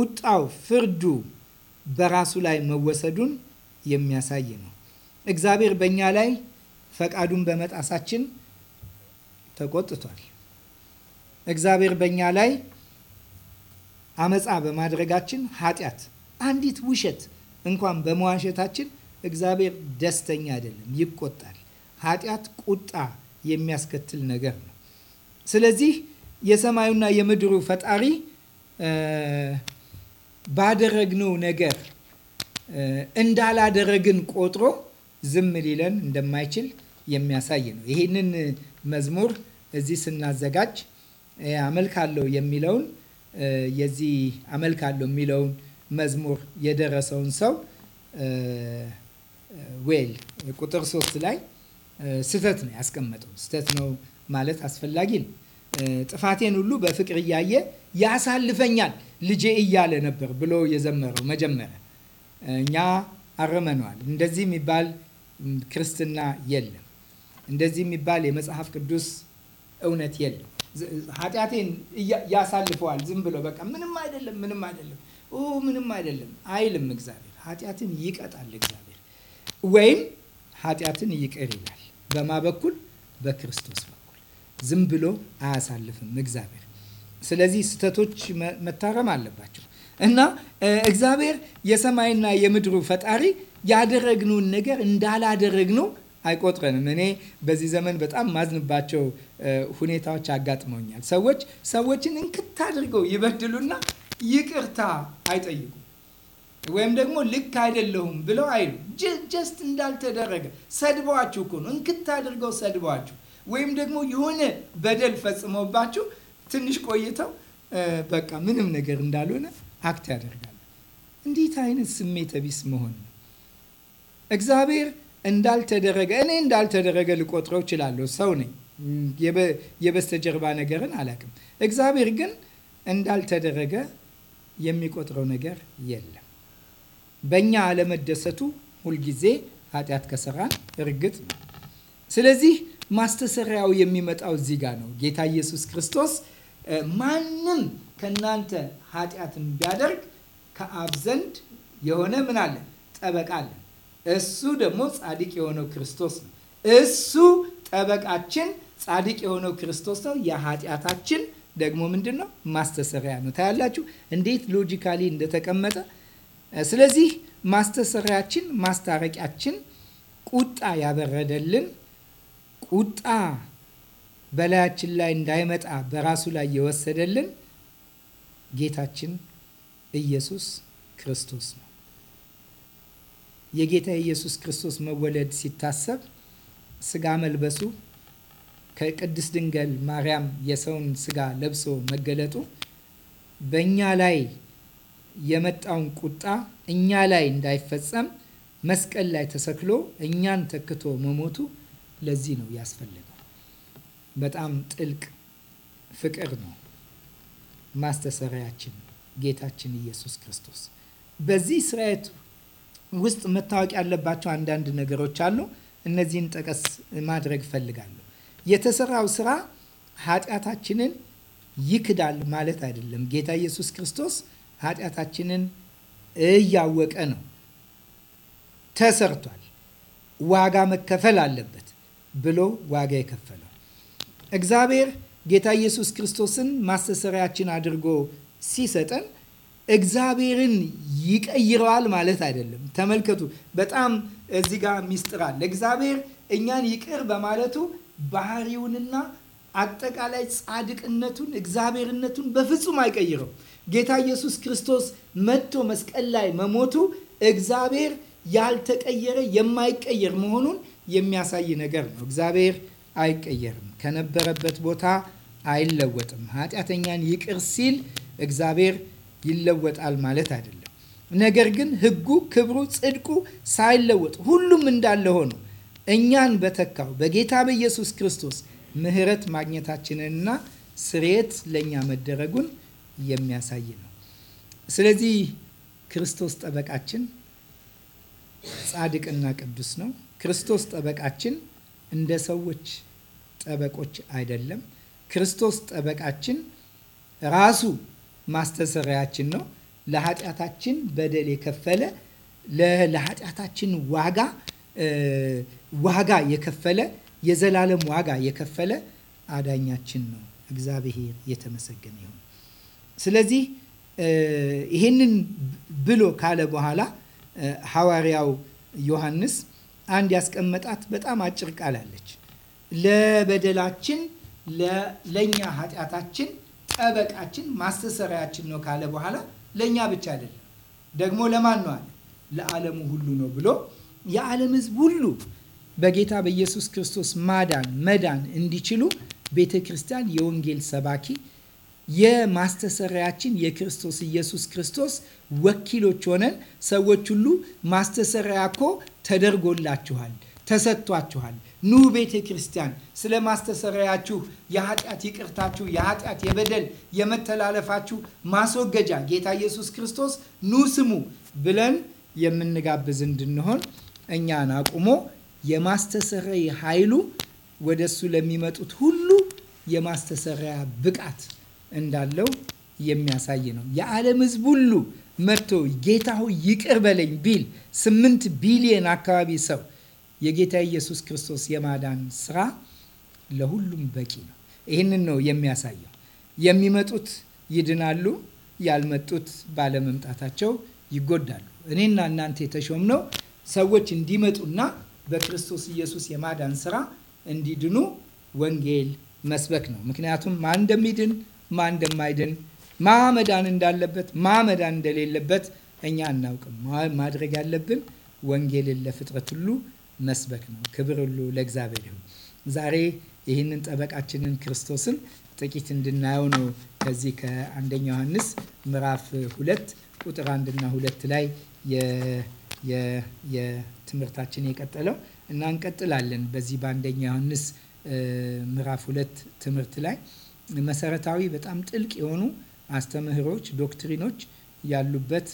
ቁጣው፣ ፍርዱ በራሱ ላይ መወሰዱን የሚያሳይ ነው። እግዚአብሔር በእኛ ላይ ፈቃዱን በመጣሳችን ተቆጥቷል። እግዚአብሔር በእኛ ላይ አመፃ በማድረጋችን ኃጢአት፣ አንዲት ውሸት እንኳን በመዋሸታችን እግዚአብሔር ደስተኛ አይደለም፣ ይቆጣል። ኃጢአት ቁጣ የሚያስከትል ነገር ነው። ስለዚህ የሰማዩና የምድሩ ፈጣሪ ባደረግነው ነገር እንዳላደረግን ቆጥሮ ዝም ሊለን እንደማይችል የሚያሳይ ነው። ይህንን መዝሙር እዚህ ስናዘጋጅ አመልካለሁ የሚለውን የዚህ አመልካለሁ የሚለውን መዝሙር የደረሰውን ሰው ዌል ቁጥር ሶስት ላይ ስህተት ነው ያስቀመጠው። ስህተት ነው ማለት አስፈላጊ ነው። ጥፋቴን ሁሉ በፍቅር እያየ ያሳልፈኛል ልጄ እያለ ነበር ብሎ የዘመረው መጀመሪያ። እኛ አረመነዋል። እንደዚህ የሚባል ክርስትና የለም። እንደዚህ የሚባል የመጽሐፍ ቅዱስ እውነት የለም። ኃጢአቴን ያሳልፈዋል ዝም ብሎ በቃ ምንም አይደለም፣ ምንም አይደለም፣ ምንም አይደለም አይልም። እግዚአብሔር ኃጢአትን ይቀጣል እግዚአብሔር ወይም ኃጢአትን ይቅር ይላል። በማ በኩል በክርስቶስ በኩል ዝም ብሎ አያሳልፍም እግዚአብሔር። ስለዚህ ስህተቶች መታረም አለባቸው እና እግዚአብሔር የሰማይና የምድሩ ፈጣሪ ያደረግነውን ነገር እንዳላደረግነው አይቆጥረንም። እኔ በዚህ ዘመን በጣም ማዝንባቸው ሁኔታዎች አጋጥመውኛል። ሰዎች ሰዎችን እንክት አድርገው ይበድሉና ይቅርታ አይጠይቁም። ወይም ደግሞ ልክ አይደለሁም ብለው አይሉ። ጀስት እንዳልተደረገ ሰድበዋችሁ እኮ ነው፣ እንክት አድርገው ሰድበዋችሁ፣ ወይም ደግሞ የሆነ በደል ፈጽመባችሁ ትንሽ ቆይተው በቃ ምንም ነገር እንዳልሆነ አክት ያደርጋል። እንዴት አይነት ስሜተ ቢስ መሆን ነው! እግዚአብሔር እንዳልተደረገ እኔ እንዳልተደረገ ልቆጥረው እችላለሁ፣ ሰው ነኝ፣ የበስተጀርባ ነገርን አላውቅም። እግዚአብሔር ግን እንዳልተደረገ የሚቆጥረው ነገር የለም። በእኛ አለመደሰቱ ሁልጊዜ ኃጢአት ከሰራን እርግጥ ነው። ስለዚህ ማስተሰሪያው የሚመጣው እዚህ ጋር ነው። ጌታ ኢየሱስ ክርስቶስ ማንም ከእናንተ ኃጢአትን ቢያደርግ ከአብ ዘንድ የሆነ ምን አለ? ጠበቃ አለ። እሱ ደግሞ ጻድቅ የሆነው ክርስቶስ ነው። እሱ ጠበቃችን ጻድቅ የሆነው ክርስቶስ ነው። የኃጢአታችን ደግሞ ምንድን ነው? ማስተሰሪያ ነው። ታያላችሁ እንዴት ሎጂካሊ እንደተቀመጠ ስለዚህ ማስተሰሪያችን ማስታረቂያችን ቁጣ ያበረደልን ቁጣ በላያችን ላይ እንዳይመጣ በራሱ ላይ የወሰደልን ጌታችን ኢየሱስ ክርስቶስ ነው። የጌታ ኢየሱስ ክርስቶስ መወለድ ሲታሰብ ስጋ መልበሱ ከቅድስት ድንግል ማርያም የሰውን ስጋ ለብሶ መገለጡ በእኛ ላይ የመጣውን ቁጣ እኛ ላይ እንዳይፈጸም መስቀል ላይ ተሰክሎ እኛን ተክቶ መሞቱ ለዚህ ነው ያስፈለገው። በጣም ጥልቅ ፍቅር ነው ማስተሰሪያችን ጌታችን ኢየሱስ ክርስቶስ። በዚህ ስርየት ውስጥ መታወቅ ያለባቸው አንዳንድ ነገሮች አሉ። እነዚህን ጠቀስ ማድረግ እፈልጋለሁ። የተሰራው ስራ ኃጢአታችንን ይክዳል ማለት አይደለም። ጌታ ኢየሱስ ክርስቶስ ኃጢአታችንን እያወቀ ነው። ተሰርቷል፣ ዋጋ መከፈል አለበት ብሎ ዋጋ የከፈለው እግዚአብሔር ጌታ ኢየሱስ ክርስቶስን ማስተሰሪያችን አድርጎ ሲሰጠን እግዚአብሔርን ይቀይረዋል ማለት አይደለም። ተመልከቱ፣ በጣም እዚህ ጋር ሚስጥር አለ። እግዚአብሔር እኛን ይቅር በማለቱ ባህሪውንና አጠቃላይ ጻድቅነቱን፣ እግዚአብሔርነቱን በፍጹም አይቀይረው። ጌታ ኢየሱስ ክርስቶስ መጥቶ መስቀል ላይ መሞቱ እግዚአብሔር ያልተቀየረ የማይቀየር መሆኑን የሚያሳይ ነገር ነው። እግዚአብሔር አይቀየርም፣ ከነበረበት ቦታ አይለወጥም። ኃጢአተኛን ይቅር ሲል እግዚአብሔር ይለወጣል ማለት አይደለም። ነገር ግን ሕጉ፣ ክብሩ፣ ጽድቁ ሳይለወጥ ሁሉም እንዳለ ሆኖ እኛን በተካው በጌታ በኢየሱስ ክርስቶስ ምሕረት ማግኘታችንንና ስርየት ለእኛ መደረጉን የሚያሳይ ነው። ስለዚህ ክርስቶስ ጠበቃችን ጻድቅና ቅዱስ ነው። ክርስቶስ ጠበቃችን እንደ ሰዎች ጠበቆች አይደለም። ክርስቶስ ጠበቃችን ራሱ ማስተሰሪያችን ነው። ለኃጢአታችን በደል የከፈለ ለኃጢአታችን ዋጋ ዋጋ የከፈለ የዘላለም ዋጋ የከፈለ አዳኛችን ነው። እግዚአብሔር የተመሰገነ ይሁን። ስለዚህ ይሄንን ብሎ ካለ በኋላ ሐዋርያው ዮሐንስ አንድ ያስቀመጣት በጣም አጭር ቃል አለች። ለበደላችን ለእኛ ኃጢአታችን ጠበቃችን ማስተሰሪያችን ነው ካለ በኋላ ለእኛ ብቻ አይደለም ደግሞ ለማን ነው አለ ለዓለሙ ሁሉ ነው ብሎ የዓለም ሕዝብ ሁሉ በጌታ በኢየሱስ ክርስቶስ ማዳን መዳን እንዲችሉ ቤተ ክርስቲያን የወንጌል ሰባኪ የማስተሰሪያችን የክርስቶስ ኢየሱስ ክርስቶስ ወኪሎች ሆነን ሰዎች ሁሉ ማስተሰሪያ እኮ ተደርጎላችኋል፣ ተሰጥቷችኋል። ኑ ቤተ ክርስቲያን ስለ ማስተሰሪያችሁ የኃጢአት ይቅርታችሁ፣ የኃጢአት የበደል የመተላለፋችሁ ማስወገጃ ጌታ ኢየሱስ ክርስቶስ ኑ ስሙ ብለን የምንጋብዝ እንድንሆን እኛን አቁሞ የማስተሰሪያ ኃይሉ ወደሱ ለሚመጡት ሁሉ የማስተሰሪያ ብቃት እንዳለው የሚያሳይ ነው። የዓለም ሕዝብ ሁሉ መጥቶ ጌታ ሆይ ይቅር በለኝ ቢል ስምንት ቢሊየን አካባቢ ሰው የጌታ ኢየሱስ ክርስቶስ የማዳን ስራ ለሁሉም በቂ ነው። ይህንን ነው የሚያሳየው። የሚመጡት ይድናሉ፣ ያልመጡት ባለመምጣታቸው ይጎዳሉ። እኔና እናንተ የተሾምነው ሰዎች እንዲመጡና በክርስቶስ ኢየሱስ የማዳን ስራ እንዲድኑ ወንጌል መስበክ ነው። ምክንያቱም ማን እንደሚድን ማ እንደማይድን ማ መዳን እንዳለበት ማ መዳን እንደሌለበት እኛ አናውቅም። ማድረግ ያለብን ወንጌልን ለፍጥረት ሁሉ መስበክ ነው። ክብር ሁሉ ለእግዚአብሔር ይሁን። ዛሬ ይህንን ጠበቃችንን ክርስቶስን ጥቂት እንድናየው ነው ከዚህ ከአንደኛ ዮሐንስ ምዕራፍ ሁለት ቁጥር አንድና ሁለት ላይ የትምህርታችን የቀጠለው እና እንቀጥላለን በዚህ በአንደኛ ዮሐንስ ምዕራፍ ሁለት ትምህርት ላይ መሰረታዊ በጣም ጥልቅ የሆኑ አስተምህሮች፣ ዶክትሪኖች ያሉበት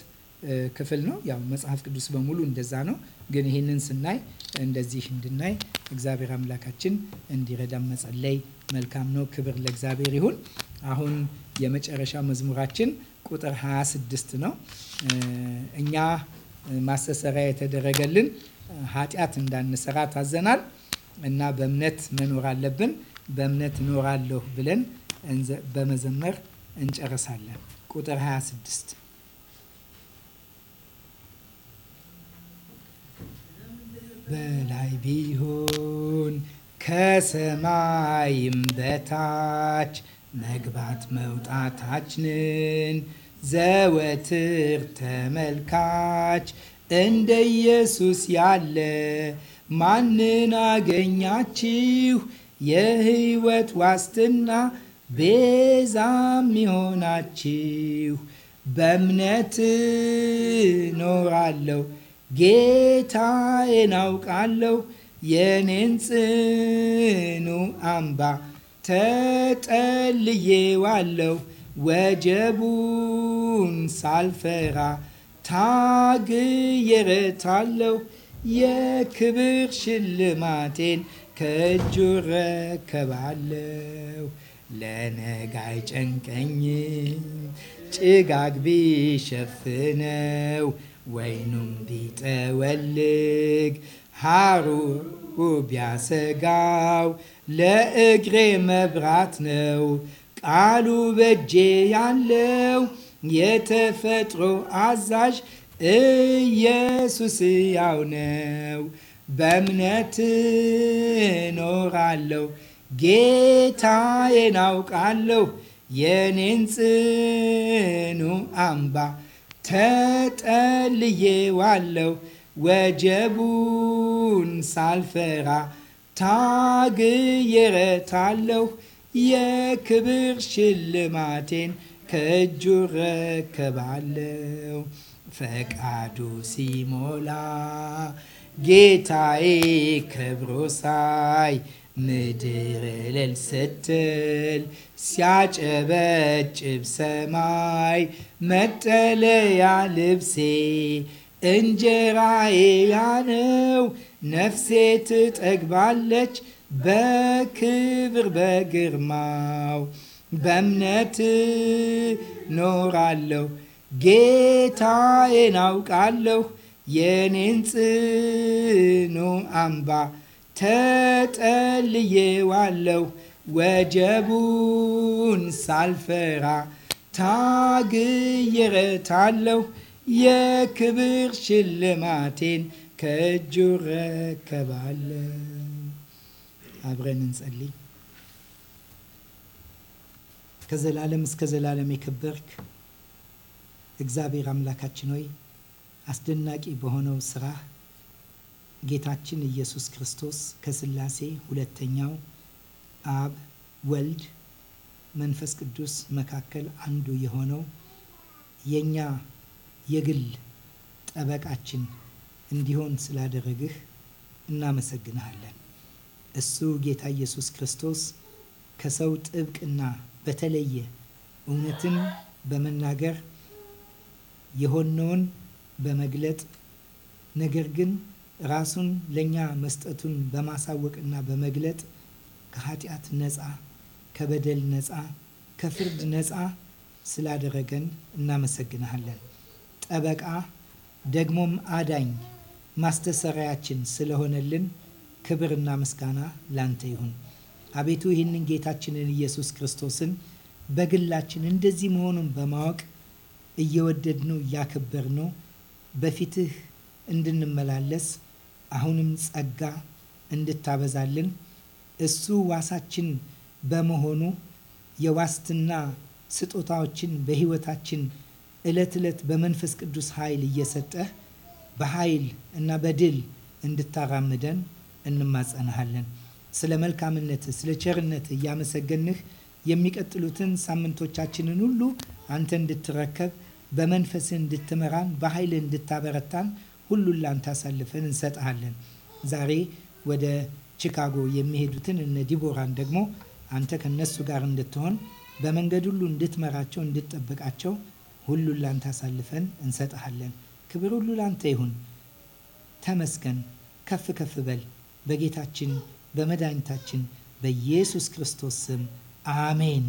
ክፍል ነው። ያው መጽሐፍ ቅዱስ በሙሉ እንደዛ ነው። ግን ይህንን ስናይ እንደዚህ እንድናይ እግዚአብሔር አምላካችን እንዲረዳን መጸለይ መልካም ነው። ክብር ለእግዚአብሔር ይሁን። አሁን የመጨረሻ መዝሙራችን ቁጥር 26 ነው። እኛ ማስተሰሪያ የተደረገልን ኃጢአት እንዳንሰራ ታዘናል እና በእምነት መኖር አለብን። በእምነት እኖራለሁ ብለን በመዘመር እንጨርሳለን። ቁጥር 26 በላይ ቢሆን ከሰማይም በታች መግባት መውጣታችንን ዘወትር ተመልካች እንደ ኢየሱስ ያለ ማንን አገኛችሁ? የህይወት ዋስትና ቤዛም ይሆናችሁ በእምነት ኖራለሁ ጌታዬን አውቃለሁ የኔን ጽኑ አምባ ተጠልዬዋለሁ ወጀቡን ሳልፈራ ታግዬ ረታለሁ የክብር ሽልማቴን ከእጁ ረከባለሁ። ለነጋ አይጨንቀኝ ጭጋግ ቢሸፍነው ወይኑም ቢጠወልግ ሐሩሩ ቢያሰጋው ለእግሬ መብራት ነው ቃሉ በጄ ያለው የተፈጥሮ አዛዥ ኢየሱስ ያው ነው። በእምነት እኖራለሁ። ጌታዬን አውቃለሁ የኔን ጽኑ አምባ ተጠልዬ ዋለው ወጀቡን ሳልፈራ ታግዬ ረታለሁ የክብር ሽልማቴን ከእጁ ረከባለው። ፈቃዱ ሲሞላ ጌታዬ ክብሮ ሳይ ምድር እልል ስትል ሲያጨበጭብ ሰማይ መጠለያ ልብሴ እንጀራዬ ያነው ነፍሴ ትጠግባለች በክብር በግርማው በእምነት ኖራለሁ ጌታዬን አውቃለሁ የኔን ጽኑ አምባ ተጠልዬዋለሁ ወጀቡን ሳልፈራ ታግየረታለሁ የክብር ሽልማቴን ከእጁ ረከባለሁ። አብረን እንጸልይ። ከዘላለም እስከ ዘላለም የከበርክ እግዚአብሔር አምላካችን ሆይ አስደናቂ በሆነው ስራ ጌታችን ኢየሱስ ክርስቶስ ከስላሴ ሁለተኛው አብ ወልድ መንፈስ ቅዱስ መካከል አንዱ የሆነው የእኛ የግል ጠበቃችን እንዲሆን ስላደረግህ እናመሰግንሃለን። እሱ ጌታ ኢየሱስ ክርስቶስ ከሰው ጥብቅና በተለየ እውነትን በመናገር የሆነውን በመግለጥ ነገር ግን ራሱን ለእኛ መስጠቱን በማሳወቅና በመግለጥ ከኃጢአት ነፃ፣ ከበደል ነፃ፣ ከፍርድ ነፃ ስላደረገን እናመሰግንሃለን። ጠበቃ ደግሞም አዳኝ ማስተሰሪያችን ስለሆነልን ክብርና ምስጋና ላንተ ይሁን። አቤቱ ይህንን ጌታችንን ኢየሱስ ክርስቶስን በግላችን እንደዚህ መሆኑን በማወቅ እየወደድነው እያከበርነው በፊትህ እንድንመላለስ አሁንም ጸጋ እንድታበዛልን እሱ ዋሳችን በመሆኑ የዋስትና ስጦታዎችን በህይወታችን ዕለት ዕለት በመንፈስ ቅዱስ ኃይል እየሰጠህ በኃይል እና በድል እንድታራምደን እንማጸናሃለን። ስለ መልካምነትህ፣ ስለ ቸርነትህ እያመሰገንህ የሚቀጥሉትን ሳምንቶቻችንን ሁሉ አንተ እንድትረከብ በመንፈስህ እንድትመራን በኃይል እንድታበረታን ሁሉን ላንተ አሳልፈን እንሰጥሃለን። ዛሬ ወደ ቺካጎ የሚሄዱትን እነ ዲቦራን ደግሞ አንተ ከነሱ ጋር እንድትሆን በመንገድ ሁሉ እንድትመራቸው፣ እንድትጠብቃቸው ሁሉን ላንተ አሳልፈን እንሰጥሃለን። ክብር ሁሉ ላንተ ይሁን። ተመስገን፣ ከፍ ከፍ በል። በጌታችን በመድኃኒታችን በኢየሱስ ክርስቶስ ስም አሜን።